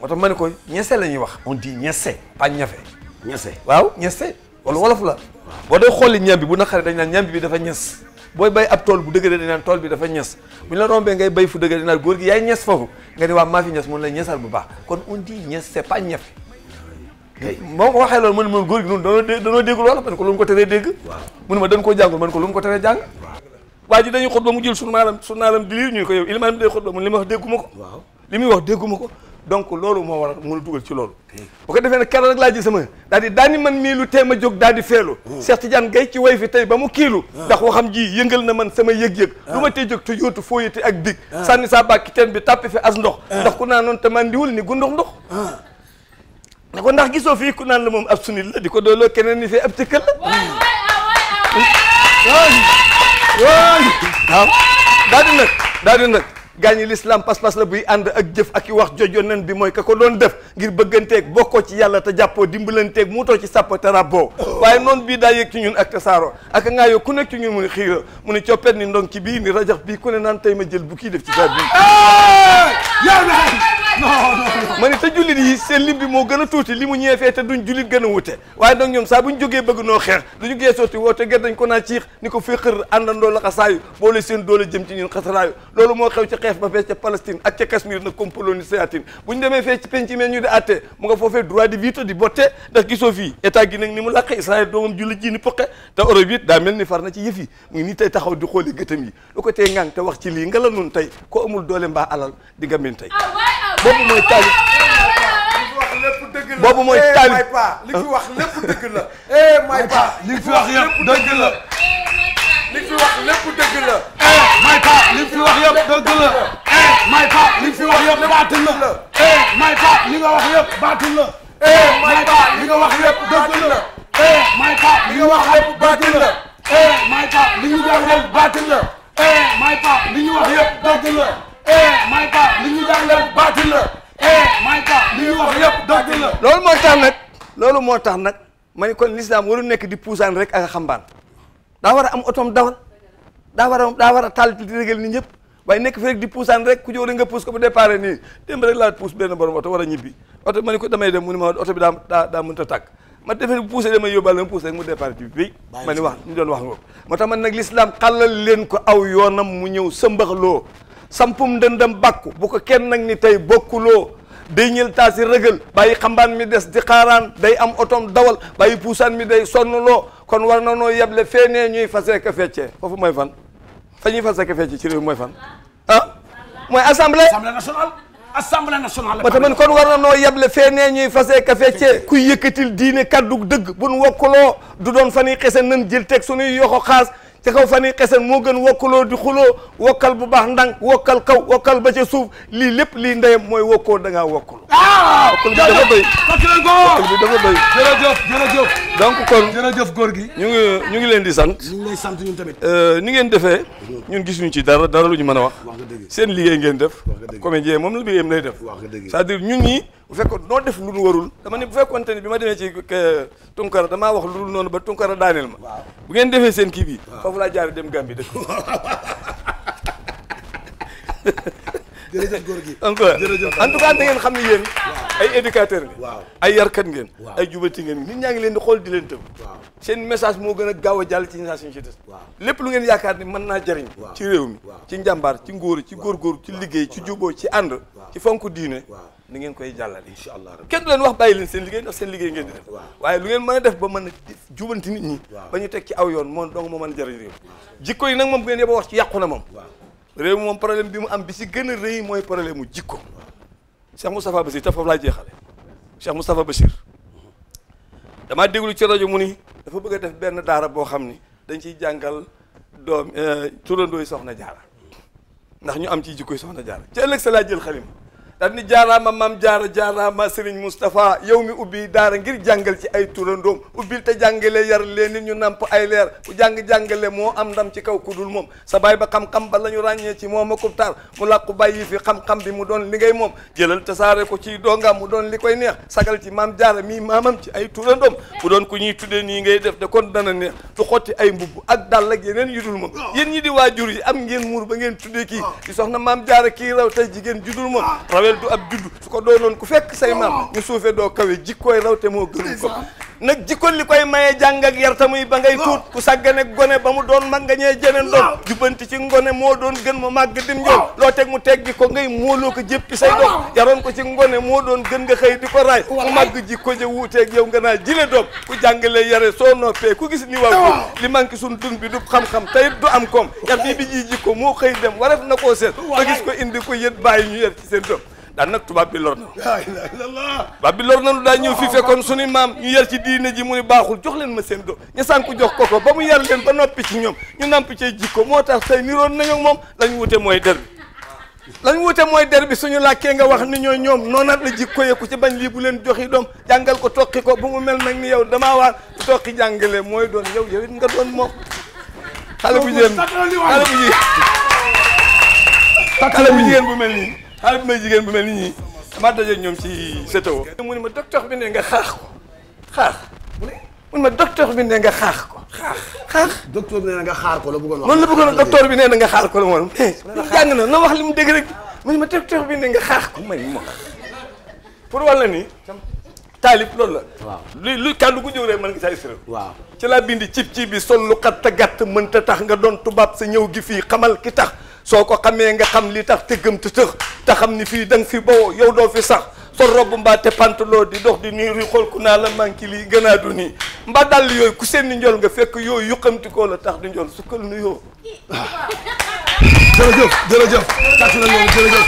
moo tax ma ne ko ñese la ñuy wax on dit ñese pas ñafe ñese waaw ñese wala wolof la boo dee xooli ñam bi bu naqaree dañ naan ñam bi dafa ñes booy bay tool bu dëgëree dañ tool bi dafa ñes bu ñu la rombee ngay bay fu dëgëree dañ naan góor yaay ñes foofu nga ni waa maa fi ñes mun la ñesal kon on dit ñese pas ñafe moo ko waxee loolu man man góor gi noonu danoo danoo dégg loolu ko lu mu ko ma dañ koo jàngul man ko lu mu ko teree jàng waa ji dañuy xutba mu jël surnaalam surnaalam di lii ñu ko yow ilimaan bi day xutba mu li ma wax dégguma ko waaw li ko donc loolu moo waral mu la dugal ci loolu bu ko defee nag keroog rek laa sama daal di daani man mii lu teem a jóg daal di feelu Cheikh Tidiane Gaye ci way fi tey ba mu kiilu ndax waxam ji yëngal na man sama yëg-yëg lu ma te jog te yóotu foo yéte ak dig sànni saa bàkki teen bi tàppi fi as ndox ndax ku naa noonu te man ndiwul ni gu ndox ndox ne ko ndax gisoo fii ku naan la moom ab sunil di ko dooloo keneen ni fii ab tëkkal la waaw daal di nag daal di nag gaañi lislaam pas-pas la buy ànd ak jëf ak i wax jojo bi mooy ka ko doon def ngir bëgganteek bokkoo ci yàlla te jàppoo dimbalanteeg muutoo ci sàpp te rabboo waaye noonu bii daa yëg ci ñun ak tasaaroo ak a ngaayoo ku nekk ci ñun mu ni xiiroo mu ni coppet ni ndong ci bii ni rajax bii ku ne naan tey ma jël bu kii def ci saa bii ma ne te jullit yi seen lim bi moo gën a tuuti li mu fee te duñ jullit gën a wute waaye donc ñoom saa bu ñu jógee bëgg noo xeex duñu gee sotti woote ger dañ ko naa ciix ni ko fii xër àndandoo la xasaayu boole seen doole jëm ci ñun xasaraayu loolu moo xew ci xeex ba fee ca Palestine ak ca Kashmir nag comme Pologne Séatine bu ñu demee fee ci penc ñu di àtte mu nga foofee droit de veto di botte ndax gisoo fii état gi nag ni mu làq Israël doomam jullit ji ni poqe te Europe daa mel ni far na ci yëf yi mu ngi nii tey taxaw di xoole gëtam yi lu ko tey ngang te wax ci tey ko amul doole mbaa alal di nga min boobu mooy taalib. boobu mooy eh, taalib li fi wax lépp dëgg la. eh may pa li fi wax lépp dëgg la. li fi wax lépp dëgg la. eh may pa li fi wax yëpp dëgg la. eh may pa li fi wax yëpp baatil la. eh may pa li nga wax yëpp baatil la. eh, eh may pa li nga wax yëpp dëgg la. eh may pa li nga wax yëpp baatil la. eh may pa li ñu jàngal baatil la. eh may pa li ñu wax yëpp dëgg la. eh Mayka li ñu jàngal baatil la eh Mayka li ñu wax yëpp dootul la. loolu moo tax nag loolu moo tax nag ma ni kon lislaam nekk di puusaan rek ak xambaan daa war a am otoom dawal daa war a daa war a taal di régal ñëpp waaye nekk fi rek di puusaan rek ku jóore nga puus ko bu départ nii démb rek laa puus benn borom oto war a oto ma ni ko damay dem mu ni ma oto bi daa a tàkk ma defee bu puusee damay yóbbaale ma puus rek mu départ ci bi ma ni wax ñu doon wax nga moo tax man nag lislaam xalal leen ko aw yoonam mu ñëw sëmbaxloo sampum ndëndëm bàkku bu ko kenn nag ni tey bokkuloo day ñël taasi rëgal bàyyi xambaan mi des di xaaraan day am otom dawal bay puusaan mi day sonnloo kon war na noo yeble feenee ñuy fasee ka feccee fan fa ñuy fasee ka feccee ci réew mooy fan ah mooy assemblée assemblée nationale assemblée nationale ba tamit kon war na noo yeble feenee ñuy fasee ka feccee kuy yëkkatil diine kaddu dëgg buñ wokkuloo du doon fan yi xese nan jël teg suñuy yoxo xaas ca kaw fan yi xesan moo gën wokkaloo di xuloo wokkal bu baax ndànk wokkal kaw wokkal ba ca suuf lii lépp lii ndeyam mooy wokkoo da ngaa wokkaloo. ah dafa doy fàttali ko wokkal bi dafa doy. jërëjëf jërëjëf. donc kon jërëjëf góor gi. ñu ngi ñu ngi leen di sant. ñu ngi sant ñun tamit. Euh, ni ngeen defee. ñun gisuñu ci dara dara lu ñu mën a wax. seen liggéey ngeen def. comédien moom la liggéeyam lay def. c'est-à-dire ñun ñi bu fekkoon noo def lu warul dama ne bu fekkoonte ne bi ma demee ci euh, tunkara damaa wax lu dul noonu ba tunkara daaneel ma bu ngeen defee seen kii bi foofu laa jaare dem Gambie dëkk jërëjëf góor gi encore euh, en tout cas da ngeen xam ne yen ay éducateur ngeen ay yarkat ngeen ay jubati ngeen nit ñaa ngi leen di xool di leen tëb seen message moo gën a gaaw a jàll ci message yi ci des lépp lu ngeen yaakaar ni mën naa jariñ ci réew mi ci njàmbaar ci ngóor ci góorgóor ci liggéey ci juboo ci ànd ci fonk diine ni ngeen koy jàllale incha allah kenn du leen wax bàyyi leen seen liggéey ndax seen liggéey ngeen di def waaye lu ngeen mën a def ba mën a jubanti nit ñi ba ñu teg ci aw yoon moom dong moo mën a jëriñ réew jikko yi nag moom bu ngeen yeba wax ci yàqu na moom réew moom problème bi mu am bi si gën a rëy mooy problème mu jikko Cheikh Moustapha Bachir te foofu laa jeexale Cheikh Moustapha Bachir damaa déglu ci rajo mu ni dafa bëgg a def benn daara boo xam ni dañ ciy jàngal doom eh, turandooy soxna jaara ndax ñu am ciy jikkoy soxna jaara ci ëllëg sa laa jël xalima daal ni jaaraama maam jaara jaaraama Serigne Moustapha yow mi ubbi daara ngir jàngal ci ay turandoom ubbil te jàngale yar leen nit ñu namp ay leer ku jàng-jàngale moo am ndam ci kaw ku moom sa baay ba kam xam ba la ñu ràññee ci moom akub taar mu làqu bàyyi fi xam-xam bi mu doon li ngay moom jëlal tasaare ko ci doongaam mu doon li koy neex sagal ci maam jaara mii maamam ci ay turandoom bu doon ku ñuy tuddee nii ngay def de kon dana neex du xotti ay mbubb ak dàll yeneen yu dul yéen ñi di waajur yi am ngeen muur ba ngeen tuddee kii di soxna maam jaara kii raw tey jigéen judul moom dooleel du ab juddu su ko doonoon ku fekk say maam oh. ñu suufe doo kawe jikkooy raw te moo gënu ko nag jikko li koy maye jàng ak yar tamuy ba ngay tuut ku sàggane gone ba mu doon mag nga ñee jeneen doon jubbanti ci ngone moo doon gën mu màgg dim njool loo teg mu teggi ko ngay móoloo ko jéppi say doom yaroon ko ci ngone moo doon gën nga xëy di ko raay mu màgg jikko ja wuuteeg yow nga naa jile doom ku jàngale yare soo noppee ku gis ni waaw li manqué suñ dund bi du xam-xam tey du am koom yar bi bi ji jikko moo xëy dem waref na koo seet ba gis ko indi ko yët bàyyi ñu yar ci seen daan nag tubaab bi lor na la ilaha bi lor nanu daa ñëw fii fekkoon suñu maam ñu yar ci diine ji mu ne baaxul jox leen ma seen doom ñu sànku jox ko ko ba mu yar leen ba noppi ci ñoom ñu nampi cee jikko moo tax tey niroon na ak moom lañ wute mooy der bi lañ wute mooy der bi suñu làkkee nga wax ni ñoo ñoom noonaat la jikko yeeku ci bañ lii bu leen joxi doom jàngal ko toqi ko bu mu mel nag ni yow damaa waar bu toqi jàngale mooy doon yow yow it nga doon moom xale bu jigéen xale bu jigéen xale bu jigéen bu mel xale bu may jigéen bu mel ni ñii damaa daje ñoom ci CTO. mu ne ma docteur bi ne nga xaax ko xaax mu ne bi ne nga xaax ko. xaax xaax. docteur bi nee na nga xaar ko la bëggoon wax. noonu la bëggoon docteur bi nee na nga xaar ko la moom. Eh, jàng na na wax li mu dégg rek mu ne ma docteur bi ne nga xaax ko may ma pour wàll nii taalib loolu la. waaw luy luy kàddu gu ñëw rek man nga saa isra. waaw ci laa bindi cib cib bi sol lu xat a gàtt mënta tax nga doon tubaab sa ñëw gi fii xamal ki tax. soo ko xamee nga xam li tax tëggam te te xam ni fii da fi bawoo yow doo fi sax so robb mbaa te pantalon di dox di niir yu ku naa la manqué lii gën a du nii mba dàll yooyu ku seen ni njol nga fekk yooyu yuqamtikoo la tax di njol sukkal nu yoo waaw jërëjëf jërëjëf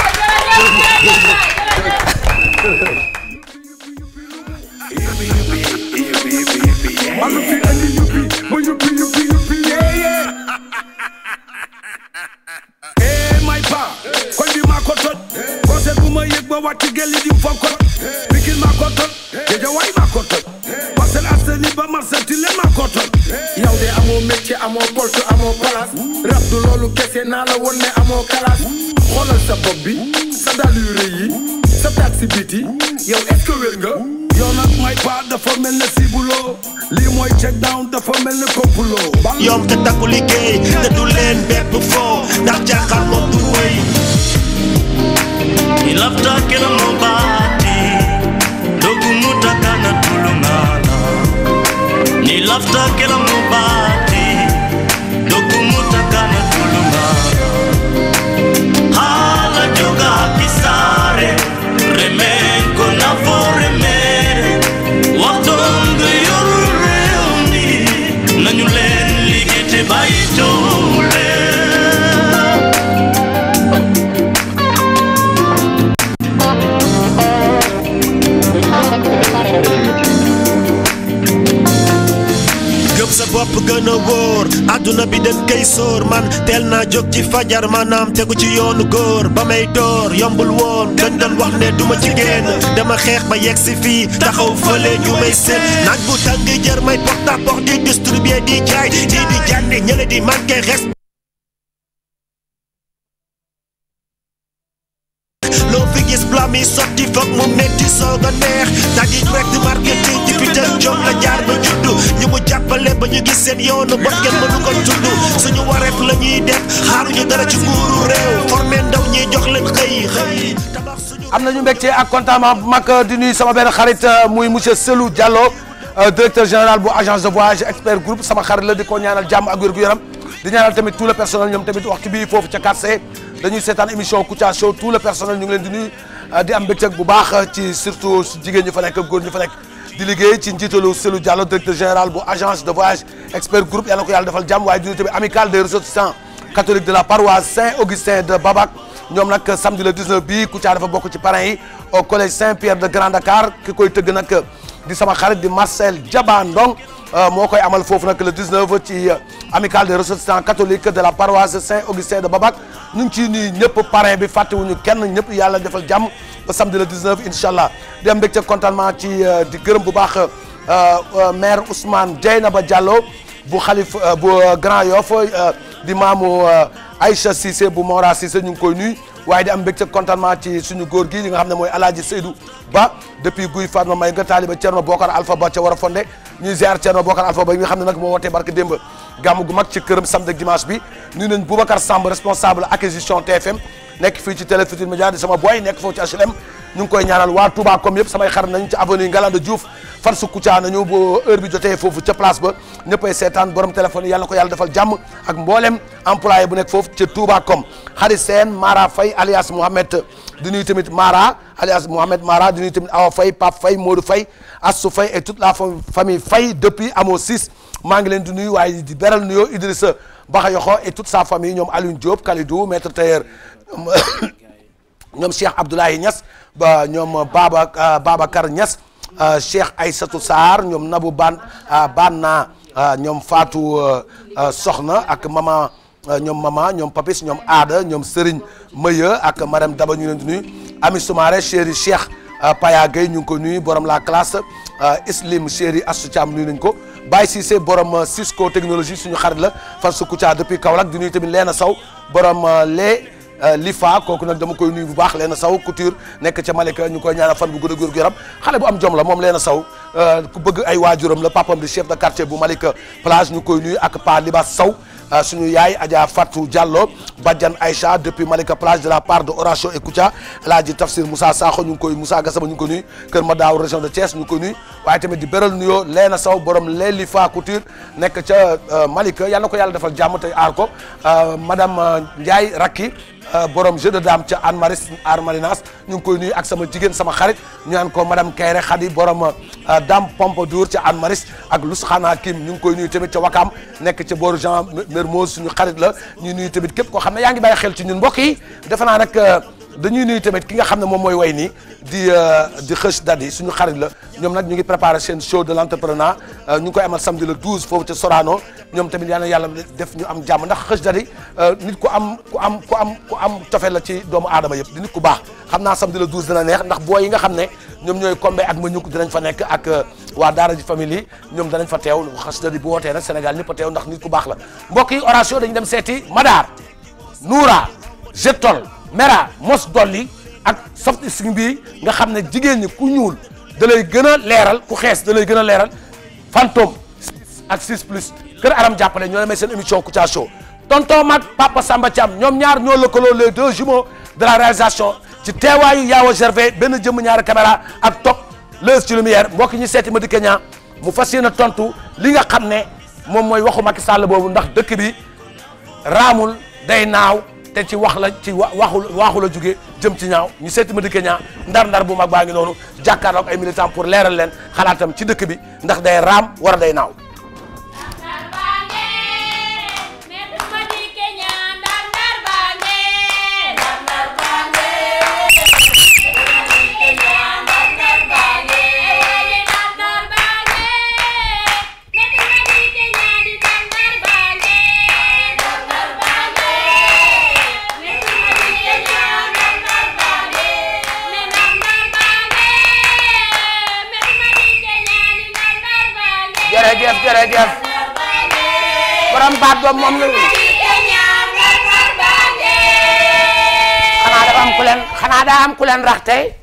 dëgg yow nag mooy check down dafa mel ne kompuloo yoom te takku liggéey te du leen bépp foo ndax jaaxal moom du wéy i love talking about it dogu mu takana tulungala ni love gën a adduna bi dañ koy sóor man teel naa jóg ci fajar maanaam tegu ci yoonu góor ba may door yombul woon dañ wax ne duma ci dama xeex ba yegg si taxaw fële ñu may seet naaj bu tàng jër may porte à di distribuer di jaay di di ñële di manqué res loo fi gis plat mi sotti foog mu metti soog a neex ta di direct marketing seen yoonu ba kenn mënu ko tudd suñu wareef la ñuy def xaaruñu dara ci nguuru réew formé ndaw ñi jox leen xëy xëy. am nañu mbégte ak contentement bu mag euh, di nuyu sama benn xarit euh, muy monsieur Selou Diallo euh, directeur général bu agence de voyage expert groupe sama xarit la di ko ñaanal jàmm ak wér gu yaram di ñaanal tamit tout le personnel ñoom tamit waxtu bi foofu ca 4C dañuy seetaan émission Kouthia Show tout le personnel ñu ngi leen di nuyu di am mbégte bu baax ci surtout jigéen ñi fa nekk góor ñi fa nekk. di liggéey ci njiitalu Cellou Diallo directeur général bu agence de voyage expert groupe yàlla na ko yàlla defal jàmm waaye jiite bi amicale des ressortissants catholiques de la paroisse Saint-Augustin de Babac ñoom nag samedi le 19 bii Kouthia dafa bokk ci parrain yi au collège Saint-Pierre de Grand Dakar ki koy tëgg nag di sama xarit di Marcel Diabandong Euh, moo koy amal foofu nag le 19 ci euh, amical des ressortissants catholiques de la paroisse Saint-Augustin de Babac ñu ngi ciy nuyu ñëpp parrain bi ñu kenn ñëpp yàlla defal jàmm ba samedi le 19 incha allah di am mbégte contentement ci euh, di gërëm bu baax maire Ousmane ba Diallo bu xalif bu Grand Yoff di maamu Aïcha Cissé bu Mora Cissé ñu ngi koy nuyu. waaye di am mbégte contentement ci suñu góor gi yi nga xam ne mooy alaaji Seydou Ba depuis Guy Fatma may nga taaliba Thierno Bokar Alpha Ba ca war a fondé ñuy ziar Thierno Bokar Alpha Ba yi nga xam ne nag moo wootee barke démb gàmm gu mag ci këram samedi ak dimanche bi nuyu nañ Boubacar Samb responsable acquisition TFM nekk fii ci Télé Futurs Médias di sama boy nekk foofu ci HLM ñu ngi koy ñaanal waa Touba comme yëpp samay xarit nañ ci avenue Ngalande Diouf fan su Kouthia nañu boo heure bi jotee foofu ca place ba ñëppay seetaan borom téléphone yi na ko yàlla defal jàmm ak mboolem employé bu nekk foofu ca Touba Kom Khady Sène Mara Faye alias Mohamed di nuyu tamit Mara alias Mohamed Mara di nuyu tamit Awa Faye Pape fay Modou Faye Assou fay et toute la famille fay depuis Amo 6 maa ngi leen di nuyu waaye di beral nuyoo Idrissa Baxa Yoxo et toute sa famille ñoom Alioune Diop Kalidou maître tailleur ñoom Cheikh Abdoulaye ñas ba ñoom Baba euh, Babacar Niass Euh, Cheikh Aïssatou Sarr ñoom Nabou Ban euh, Banna euh, ñoom Fatou Soxna ak mama ñoom mama ñoom Papis ñoom Aada ñoom Serigne Meye ak Marème Daba ñu leen di nuyu Ami Soumaré chéri Cheikh Paya Gueye ñu ngi ko nuyu borom la classe Islim chéri Assou Thiam nuyu nañ ko Baye Cissé borom Cisco technologie suñu xarit la fan su Kouthia depuis Kaolack di nuyu tamit Leena saw borom lee Euh, Lifa kooku nag dama koy nuyu bu baax Leena Saw couture nekk ca Malika ñu koy ñaanal fan bu gën a góor gu yaram xale bu am jom la moom Leena Saw euh, ku bëgg ay waajuram la papam di chef de quartier bu Malika plage ñu koy nuyu ak Pa Libas Saw euh, suñu yaay Adja Fatou Diallo Badiane Aïcha depuis Malika plage de la part de Horatio et Koutia Alaaji Tafsir Moussa Sakho ñu ngi koy Moussa Gassama ñu ngi koy nuyu Kër Madaaw région de Thiès ñu ngi koy nuyu waaye tamit di beral nuyoo Leena lee Lifa couture nekk ca Malika yàlla na ko yàlla defal jàmm tey aar ko madame Ndiaye Rakki Euh, borom jeu de dame ca Anmaris Armarinas ñu ngi koy nuy ak sama jigéen sama xarit ñu naan ko madame Kayre Khady borom euh, dame Pompadour ca Anmaris ak Lusxana Kim ñu ngi koy nuy tamit ca Wakam nekk ca booru Jean Mermoz suñu xarit la ñu nuyu tamit képp koo xam ne yaa ngi bàyyi xel ci ñun mbokk yi defe naa nag euh, dañuy nuyu tamit ki nga xam ne moom mooy way nii di euh, di xës dadi suñu xarit la ñoom nag ñu ngi préparer seen show de l'entrepreneur euh, ñu ngi koy amal samedi le 12 foofu ca Sorano ñoom tamit yal yàlla def ñu am jàmm ndax xës dadi euh, nit am am ku am ku am cofe la ci doomu aadama yëpp di nit ku baax xam naa samedi le 12 dina neex ndax boo yi nga xam ne ñoom ñooy combe ak ma ñukk dinañ fa nekk ak waa daara ji famille ñoom danañ fa teew xës dadi bu wootee nag Sénégal ñëpp a teew ndax nit ku baax la mbokk yi oration dañu dem seeti Madaar Noura Jetol mera mos dolli ak soft skin bi nga xam ne jigéen ñi ku ñuul da lay gën a leeral ku xees da lay gën a leeral fantôme ak 6 plus kër aram jàppale ñoo seen émission Kouthia Show tonton Mag papa Samba Thiam ñoom ñaar ñoo lëkkaloo les deux jumeaux de la réalisation ci teewaayu Yaawa Gervais benn jëmm ñaari kamera ak top leuse ci lumière mbokk ñi seeti Madické Niang mu fas yéene tontu li nga xam ne moom mooy waxu Macky Sall boobu ndax dëkk bi raamul day naaw te ci wax la ci wa waxu waxu la jëm ci ñaaw ñu seeti di dëkke ñaa ndar-ndar bu ma baa ngi noonu jàkkaarloog ay militants pour leeral leen xalaatam ci dëkk bi ndax day raam war day naaw. jërëjëf borom baat boobu moom la xanaa xanaa daa am ku leen rax tey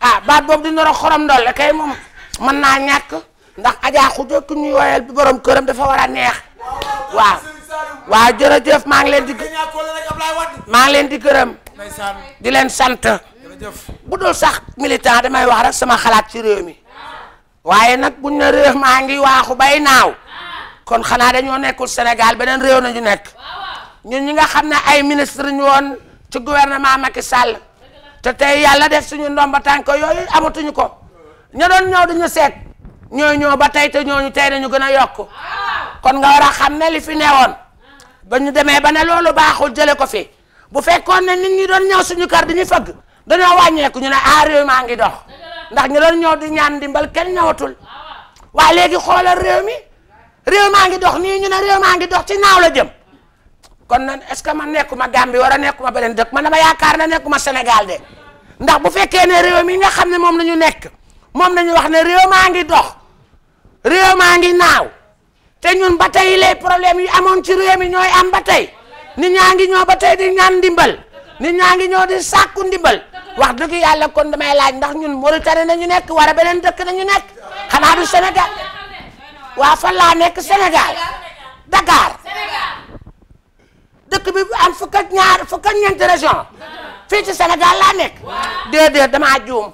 ah baat boobu di noro xorom ndolle kay moom mën naa ñàkk ndax Adja ku ñuy woyal bi borom këram dafa war neex waaw waaw jërëjëf maa ngi leen di maa ngi leen di gërëm di leen sant bu dul sax militant damay wax rek sama xalaat ci réew mi. waaye nag buñ ne réew maa ngi waaxu bay naaw kon xanaa dañoo nekkul Sénégal beneen réew nañu nekk ñun ñi nga xam ne ay ministre ñu woon ci gouvernement Macky Sall te tey yàlla def suñu ndomba tànk yooyu amatuñu ko ña doon ñëw dañu seet ñooy ñëw ba tey te ñooñu tey dañu gën a yokk kon nga war a xam ne li fi newoon ba ñu demee ba ne loolu baaxul jële ko fi bu fekkoon ne nit ñi doon ñëw suñu kër dañuy fëgg dañoo wàññeeku ñu ne ah réew maa ngi dox ndax ñu doon ñëw di ñaan dimbal kenn ñëwatul waaye léegi xoolal réew mi réew maa ngi dox nii ñu ne réew maa ngi dox ci naaw la jëm kon nag est-ce que man nekkuma Gambie war a nekkuma beneen dëkk man dama yaakaar na nekkuma Sénégal de ndax bu fekkee ne réew mi nga xam ne moom la ñu nekk moom la ñu wax ne réew maa ngi dox réew maa ngi naaw te ñun ba tey les problèmes yi amoon ci réew mi ñooy am ba tey nit ñaa ngi ñoo ba tey di ñaan ndimbal nit ñaa ngi ñoo di sàkku ndimbal. wax dëgg yàlla kon damay laaj ndax ñun na ñu nekk wala beneen dëkk nañu nekk xanaa du Sénégal waa fan laa nekk Sénégal Dakar dëkk bi am fukk ñaar fukk ak ñeenti fii ci Sénégal laa nekk déedéet damaa juum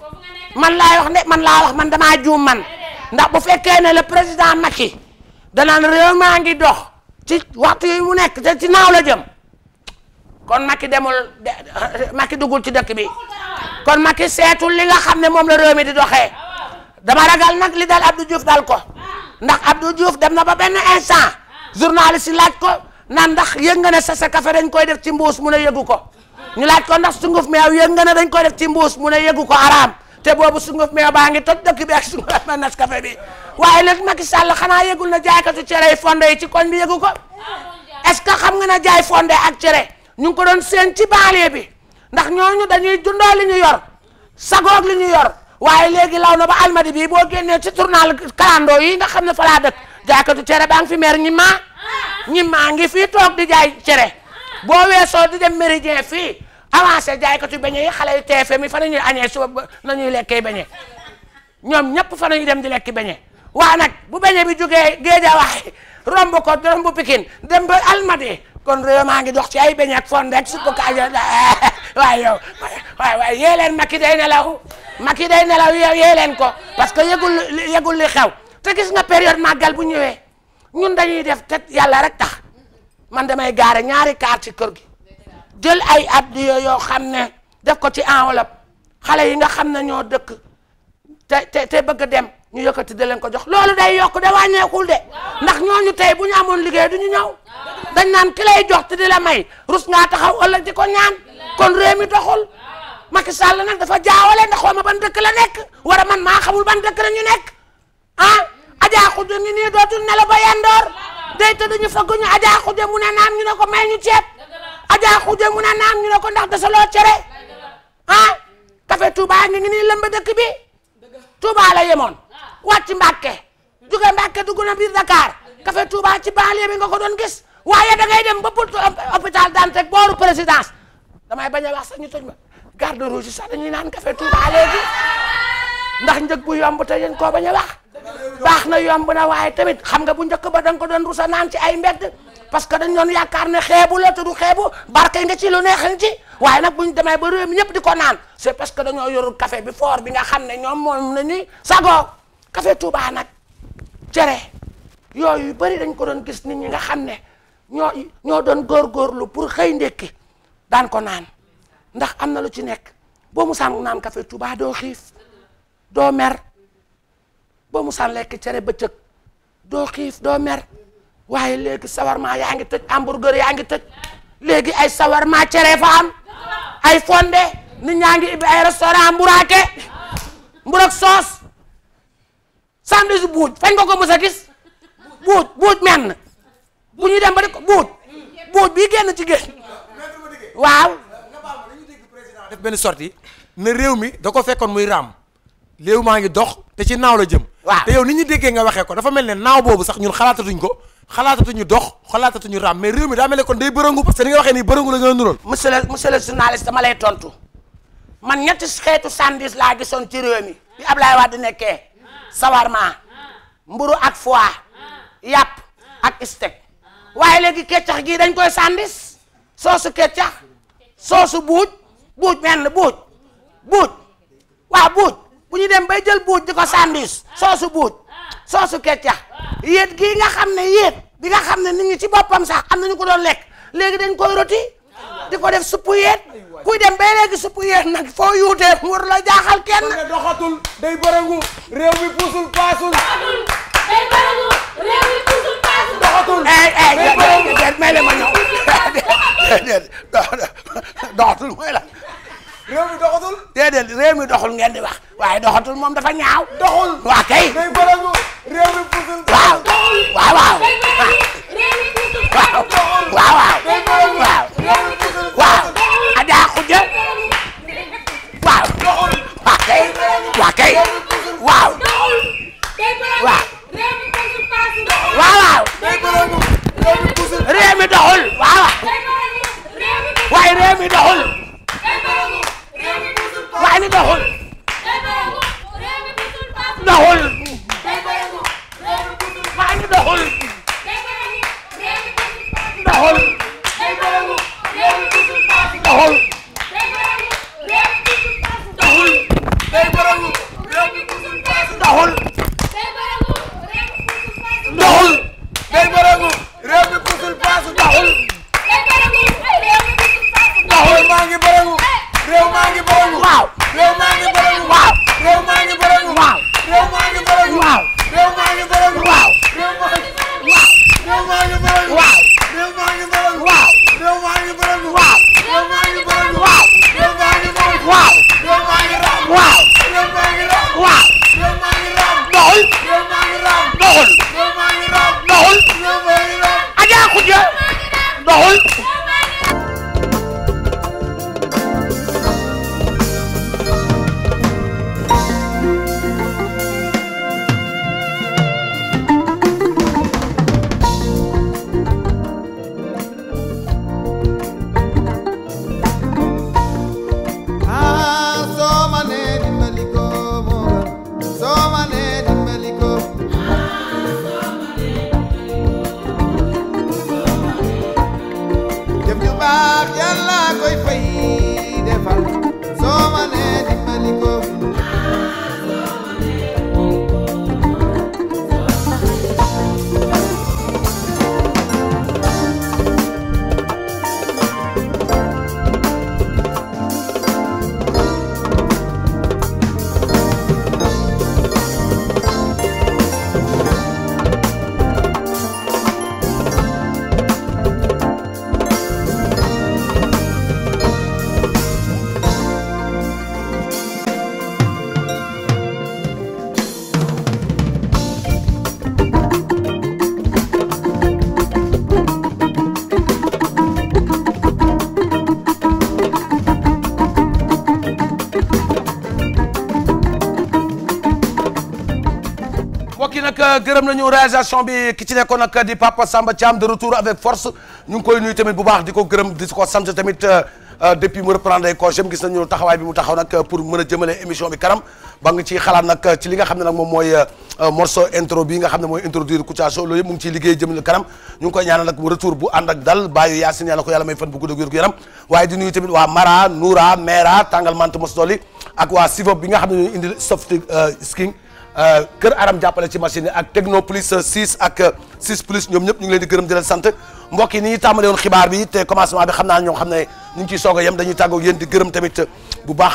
man laa wax man laa man damaa juum man ndax bu fekkee ne la président Macky danaan réew maa ngi dox ci waxtu wu mu nekk te ci naaw la jëm kon Macky demul de Macky duggul ci dëkk bi kon Macky seetul li nga xam ne moom la réew mi di doxee dama ragal nag li dal Abdou Diouf dal ko ndax Abdou Diouf dem na ba benn instant journaliste yi laaj ko naan ndax yëg nga ne sa sa café dañ koy def ci mbuus mu ne yëgu ko ñu laaj ko ndax sunguf meew yëg nga ne dañ koy def ci mbuus mu ne yëgu ko araam te boobu sunguf meew baa ngi toj dëkk bi ak sunguf ma nas café bi waaye nag Macky Sall xanaa yëgul na jaaykatu cere yi fonde yi ci koñ bi yëgu ko est-ce que xam nga ne jaay fonde ak cere ñu ngi ko doon seen ci baale bi ndax ñooñu dañuy jundoo li ñu yor sagoog li ñu yor waaye léegi law na ba almadi bi boo génnee ci tournal kalandoo yi nga xam na fa laa dëkk jaaykatu cere baa ngi fi mer ñi maa ñi maa ngi fii toog di jaay cere boo weesoo di dem méridien fii avancé jaaykatu beñe yi xale yi teefe mi fa ñuy añee suba nañuy lekkee beñe ñoom ñëpp fa nañuy dem di lekki beñe waa nag bu beñe bi jógee géejawaay romb ko romb pikin dem ba almadi kon réew maa ngi dox ci ay beñ ak fond rek suppu kaja waaye yow waaye waaye yee leen Macky day nelaw Macky day nelaw yow yee leen ko parce que yëgul yëgul li xew te gis nga période màggal bu ñëwee ñun dañuy def te yàlla rek tax man damay gaare ñaari kaar ci kër gi jël ay addiya yoo xam ne def ko ci enveloppe xale yi nga xam ne ñoo dëkk te te te bëgg dem ñu yëkkati da leen ko jox loolu day yokk da wàññeekul de ndax ñooñu tey bu ñu amoon liggéey du ñu ñëw dañ naan ki lay jox te di la may rus ngaa taxaw ëllëg di ko ñaan kon réew mi doxul Macky Sall nag dafa jaawale ndax xawma ban dëkk la nekk war a man maa xamul ban dëkk la ñu nekk ah Adja Khoudia ngi nii mu ne naam ñu ne ko may ñu ceeb Adja Khoudia mu ne naam ñu ne ko ndax desaloo cere ah café Touba ngi ni lëmb dëkk bi Touba la yemoon wàcc Mbàkke jóge Mbàkke dugg na biir Dakar café Touba ci banlieue bi nga ko doon gis waaye da ngay dem ba buntu hôpital daan teg booru présidence damay bañ a wax sax ñu toj ma garde rouge sax dañuy naan café Touba léegi ndax njëg bu yomb te yéen koo bañ a wax baax na yomb na waaye tamit xam nga bu njëkk ba da nga ko doon rusa naan ci ay mbedd parce que dañ doon yaakaar ne xeebu la te du xeebu barke nga ci lu neexal ci waaye nag buñ demee ba réew mi ñëpp di ko naan c'est parce que dañoo yorul kafe bi fort bi nga xam ne ñoom moom na ñuy sago café Touba nag cere yooyu yu bëri dañ ko doon gis nit ñi nga xam ne ñoo ñoo doon góorgóorlu pour xëy ndekki daan ko naan ndax am na lu ci nekk boo mu musaan naan café tubaa doo xiif doo mer boo musaan lekk cere bëccëg doo xiif doo mer waaye léegi sawarma yaa ngi tëj hamburger yaa ngi tëj léegi ay sawarma cere fa am ay fonde nit ñaa ngi ibbi ay restaurant mburaake mbur ak soos sandwich buuj fañ ko mës a gis buuj buuj menn bu ñuy dem ba di ko buut buut bi génn ci géej waaw def benn sortie ne réew mi da ko fekkoon muy raam léew maa ngi dox te ci naaw la jëm waaw te yow ni ñu déggee nga waxee ko dafa mel ne naaw boobu sax ñun xalaatatuñ ko xalaatatuñu dox xalaatatuñu raam mais réew mi daa mel ne kon day bërëngu parce que ni nga waxee nii bërëngu la nga nuroon monsieur le monsieur le journaliste dama lay tontu man ñetti xeetu sandwich laa gisoon ci réew mi bi Ablaye Wade nekkee sawarma mburu ak foie yàpp ak waaye léegi keccax gii dañ koy sandis soosu keccax soosu buuj buuj na buuj buuj waaw buuj bu ñu dem bay jël buuj di ko sandis soosu buuj soosu keccax yéet gii nga xam ne yéet bi nga xam ne nit ñi ci boppam sax am nañu ko doon lekk léegi dañ koy roti di ko def suppu yeet kuy dem bay léegi suppu yeet nag foo yuutee mu war la jaaxal kenn doxatul day bërëngu doxatul may leen ma ñëw doxul ngeen di wax waaye doxatul moom dafa ñaaw doxul waa kay day baragu réew mi pusul waaw waaw waaw waaw waaw waaw waaw adaa xujja waaw waa kay waa kay waaw réew mi doxul waaw waaye réew mi doxul waaye li doxul gërëm nañu réalisation bi ki ci nekkoon nag di Papa Samba Thiam de retour avec force ñu ngi koy nuyu tamit bu baax di ko gërëm di ko sant tamit euh, euh, depuis mu reprendre ko jëm nañu taxawaay bi mu taxaw nag euh, pour mën a jëmale émission bi kanam ba nga ciy xalaat ci li nga xam ne nag moom mooy morceau intro bi nga xam ne mooy introduire Kouthia Show loolu yëpp mu ngi ciy liggéey jëmale kanam ñu ngi koy ñaanal retour bu ànd ak dal bàyyi Yacine yàlla ko yàlla may fan bu gudd ak wér-gu-yaram waaye di nuyu waa Mara Noura bi nga xam ne ñoo indil soft skin Euh, Kër Aram jàppale ci machine yi ak Techno plus 6 ak 6 euh, plus ñoom ñëpp ñu ngi leen di gërëm di leen sant mbokk yi ni ñu tàmbale xibaar bi te commencement bi xam naa ñoo xam ne ñu ngi ciy soog a yem dañuy tàggoo gërëm tamit euh, nga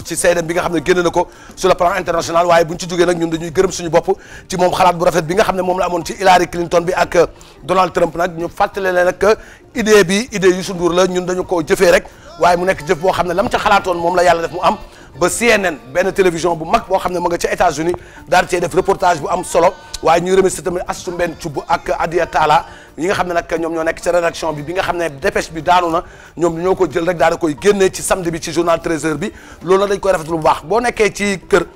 xam ne génn na ko sur le plan international waaye bu ñu ci jógee nag ñun bopp ci moom xalaat bu rafet bi nga xam ne moom la amoon ci Hillary Clinton bi ak Donald Trump nag ñu fàttale leen nag idée bi idée Youssou Ndour la ñun dañu ko jëfee rek waaye mu nekk jëf boo xam ne lam ca xalaatoon moom la yàlla def mu am ba CNN benn télévision bu mag boo xam ne ma nga ca États-Unis daal di cay def reportage bu am solo waaye ñuy remercier tamit Astou Mbène Thioub ak Adia Talla yi nga xam ne nag ñoom ñoo nekk ci rédaction bi bi nga xam ne dépêche bi daanu na ñoom ñoo ko jël rek daal di koy génnee ci samedi bi ci journal 13 bi loolu nag dañ koy lu bu baax boo nekkee ci kër.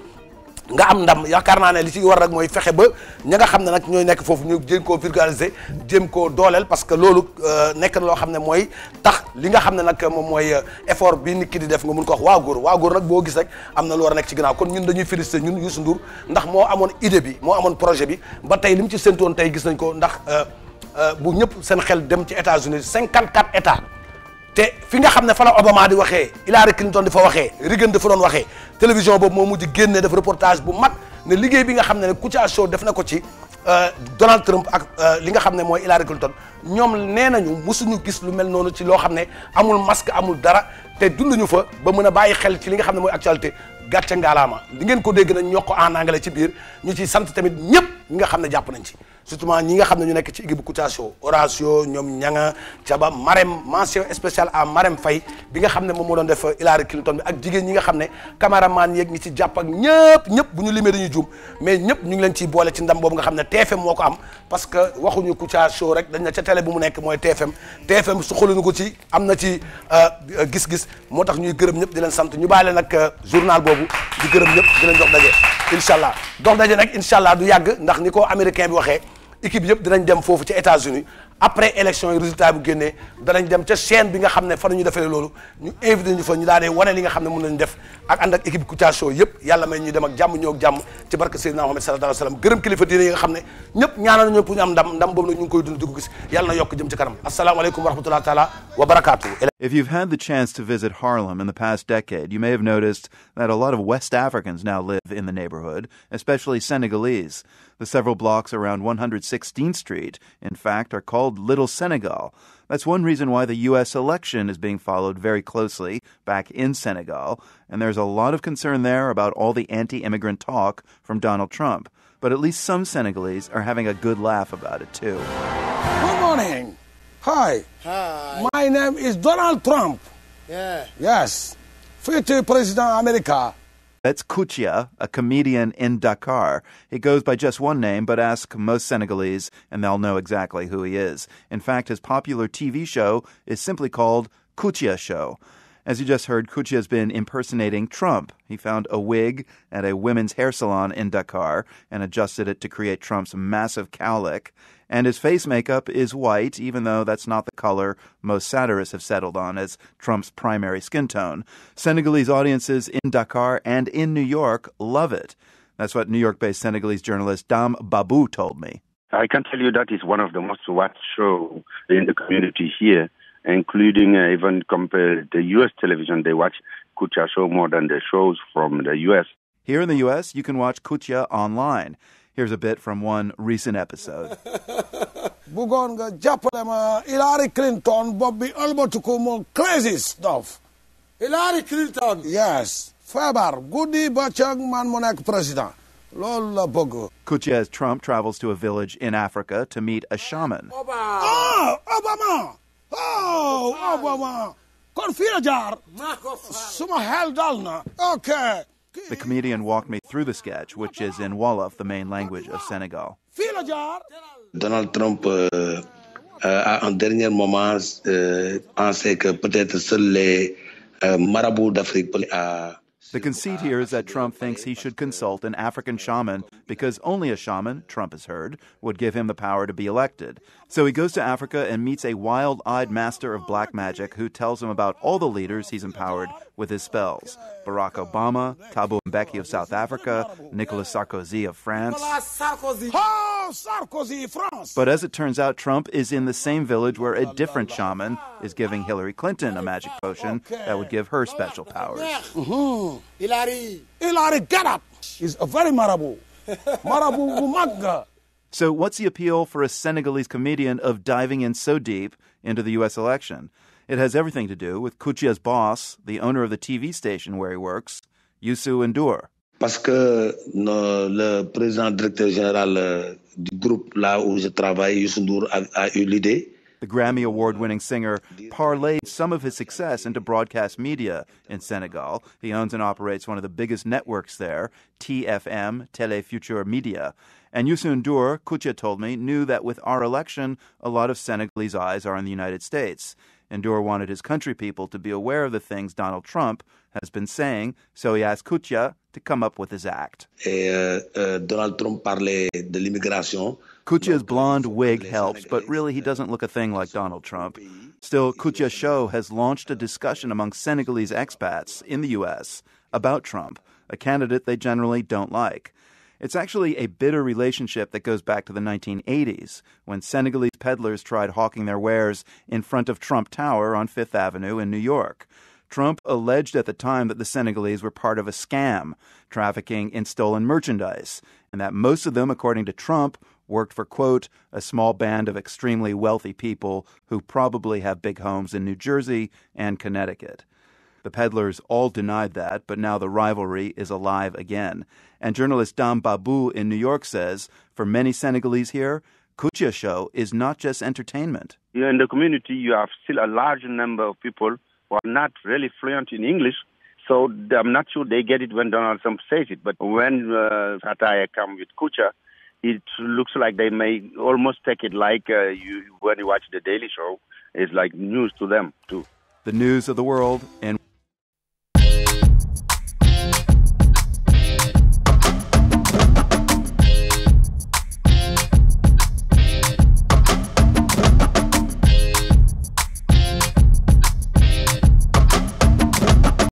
nga am ndam yaakaar naa ne li ci war rek mooy fexe ba ña nga xam ne nag ñooy nekk foofu ñu jéem koo vulgariser jéem koo dooleel parce que loolu euh, nekk na loo xam ne mooy tax li nga xam ne nag moom mooy euh, effort bi nit ki di def nga mun ko wax waa góor waa góor nag boo gis rek am na lu war a nekk ci ginnaaw kon ñun dañuy féliciter ñun Youssou Ndour ndax moo amoon idée bi moo amoon projet bi ba tey li mu ci séntu woon tey gis nañ ko ndax euh, bu ñëpp seen xel dem ci États-Unis 54 états te fi nga xam ne fa la Obama di waxee Hillary Clinton di fa waxee Reagan dafa doon waxee télévision boobu moo mujj génne def reportage bu mag ne liggéey bi nga xam ne ne Kouthia Show def na ko ci euh, Donald Trump ak euh, li nga xam ne mooy Hillary Clinton ñoom nee nañu mosuñu gis lu mel noonu ci loo xam ne amul masque amul dara te dunduñu fa ba mën a bàyyi xel ci li nga xam ne mooy actualité gàcce ngaalaama li ngeen ko dégg nañ ñoo ko en anglais ci biir ñu ci sant tamit ñëpp ñi nga xam ne jàpp nañ ci surtout ñi nga xam ne ñu nekk ci équipe bu Kouthia Show Horatio ñoom ñanga Thiaba Marème mention spéciale à Marème fay bi nga xam ne moom moo doon def Hillary Clinton bi ak jigéen ñi nga xam ne cameraman yeeg ñi ci jàpp ñëpp ñëpp bu ñu limee dañuy juum mais ñëpp ñu ngi leen ciy boole ci ndam boobu nga xam ne TFM moo ko am parce que waxuñu Kouthia Show rek dañ na ca télé bu mu nekk mooy teefem TFM su xaluñu ko ci am na ci euh, gis-gis moo tax ñuy gërëm ñëpp di leen sant ñu bàyyi leen ak euh, boobu di gërëm ñëpp di leen jox daje incha allah dox daje nag incha allah du yàgg ndax ni ko américain bi waxee équipe yëpp dinañ dem foofu ci États-Unis après élection résultat bu génnee danañ dem ca chaîne bi nga xam ne fa ñu defee loolu ñu invité ñu fa ñu daal di wane li nga xam ne mën nañu def ak ànd ak équipe Show yëpp yàlla may ñuy dem ak jàmm ñëw ci barke Seydina Muhammad sallallahu alayhi wa sallam gërëm kilifa diine yi nga xam ne ñëpp ñaanal ñoo pour ñu am ndam ndam boobu nag ñu koy dund di ko gis na yokk jëm ci kanam asalaamaaleykum wa rahmatullah If you've had the chance to visit Harlem in the past decade, you may have noticed that a lot of West Africans now live in the neighborhood, especially Senegalese. The several blocks around 116th Street, in fact, are called Little Senegal. That's one reason why the U.S. election is being followed very closely back in Senegal, and there's a lot of concern there about all the anti immigrant talk from Donald Trump. But at least some Senegalese are having a good laugh about it, too. Hi. Hi. My name is Donald Trump. Yeah. Yes. Future President America. That's Kuchia, a comedian in Dakar. He goes by just one name, but ask most Senegalese, and they'll know exactly who he is. In fact, his popular TV show is simply called Kuchia Show. As you just heard, Kuchia has been impersonating Trump. He found a wig at a women's hair salon in Dakar and adjusted it to create Trump's massive cowlick. and his face makeup is white, even though that's not the color most satirists have settled on as Trump's primary skin tone. Senegalese audiences in Dakar and in New York love it. That's what New York based Senegalese journalist Dam Babu told me. I can tell you that is one of the most watched shows in the community here, including uh, even compared the U.S. television. They watch Kucha show more than the shows from the U.S. Here in the U.S., you can watch Kucha Here's a bit from one recent episode. bëggoon nga jàppale ma Clinton bopp bi ëlbatiku mu stuff. Hillary Clinton. yes feebar guddi bëccëg man mu nekk président. loolu la bëgg. Kuchia's Trump travels to a village in Africa to meet a shaman. Obama. Ah, Obama. Oh, suma xel dal na. ok. The comedian walked me through the sketch, which is in Wolof, the main language of Senegal. Donald Trump, un uh, uh, dernier moment, euh, que peut-être seuls les euh, marabouts d'Afrique the conceit here is that Trump thinks he should consult an African shaman because only a shaman, Trump has heard, would give him the power to be elected. So he goes to Africa and meets a wild eyed master of black magic who tells him about all the leaders he's empowered with his spells Barack Obama, Thabo of South Africa, Nicolas Sarkozy of France. Sarkozy. Oh, Sarkozy, France. But as it turns out, Trump is in the same village where a different shaman is giving Hillary Clinton a magic potion that would give her special powers. Mm-hmm. Hillary. Hillary, get up! a very marabu. So, what's the appeal for a Senegalese comedian of diving in so deep into the U.S. election? It has everything to do with Kuchia's boss, the owner of the TV station where he works, Youssou Ndour. Parce que le président directeur général euh, du groupe là où je travaille, Youssou Ndour, a, a eu l'idée the Grammy Award winning singer, parlayed some of his success into broadcast media in Senegal. He owns and operates one of the biggest networks there, TFM, Telefuture Media. And Youssou N'Dour, Kucha told me, knew that with our election, a lot of Senegalese eyes are on the United States. And Dewar wanted his country people to be aware of the things Donald Trump has been saying, so he asked Kuchya to come up with his act. Euh, euh, Donald Trump parlait de l'immigration. Kuchya's blonde euh, wig helps, but really he doesn't look a thing like Donald Trump. Still, Kuchya Show has launched a discussion among Senegalese expats in the U.S. about Trump, a candidate they generally don't like. It's actually a bitter relationship that goes back to the 1980s, when Senegalese peddlers tried hawking their wares in front of Trump Tower on Fifth Avenue in New York. Trump alleged at the time that the Senegalese were part of a scam, trafficking in stolen merchandise, and that most of them, according to Trump, worked for, a small band of extremely wealthy people who probably have big homes in New Jersey and Connecticut. The peddlers all denied that, but now the rivalry is alive again. And journalist Dam Babu in New York says for many Senegalese here, Kucha Show is not just entertainment. In the community, you have still a large number of people who are not really fluent in English. So I'm not sure they get it when Donald Trump says it. But when uh, uh, you watch the Daily Show. It's like news to them too. The news of the world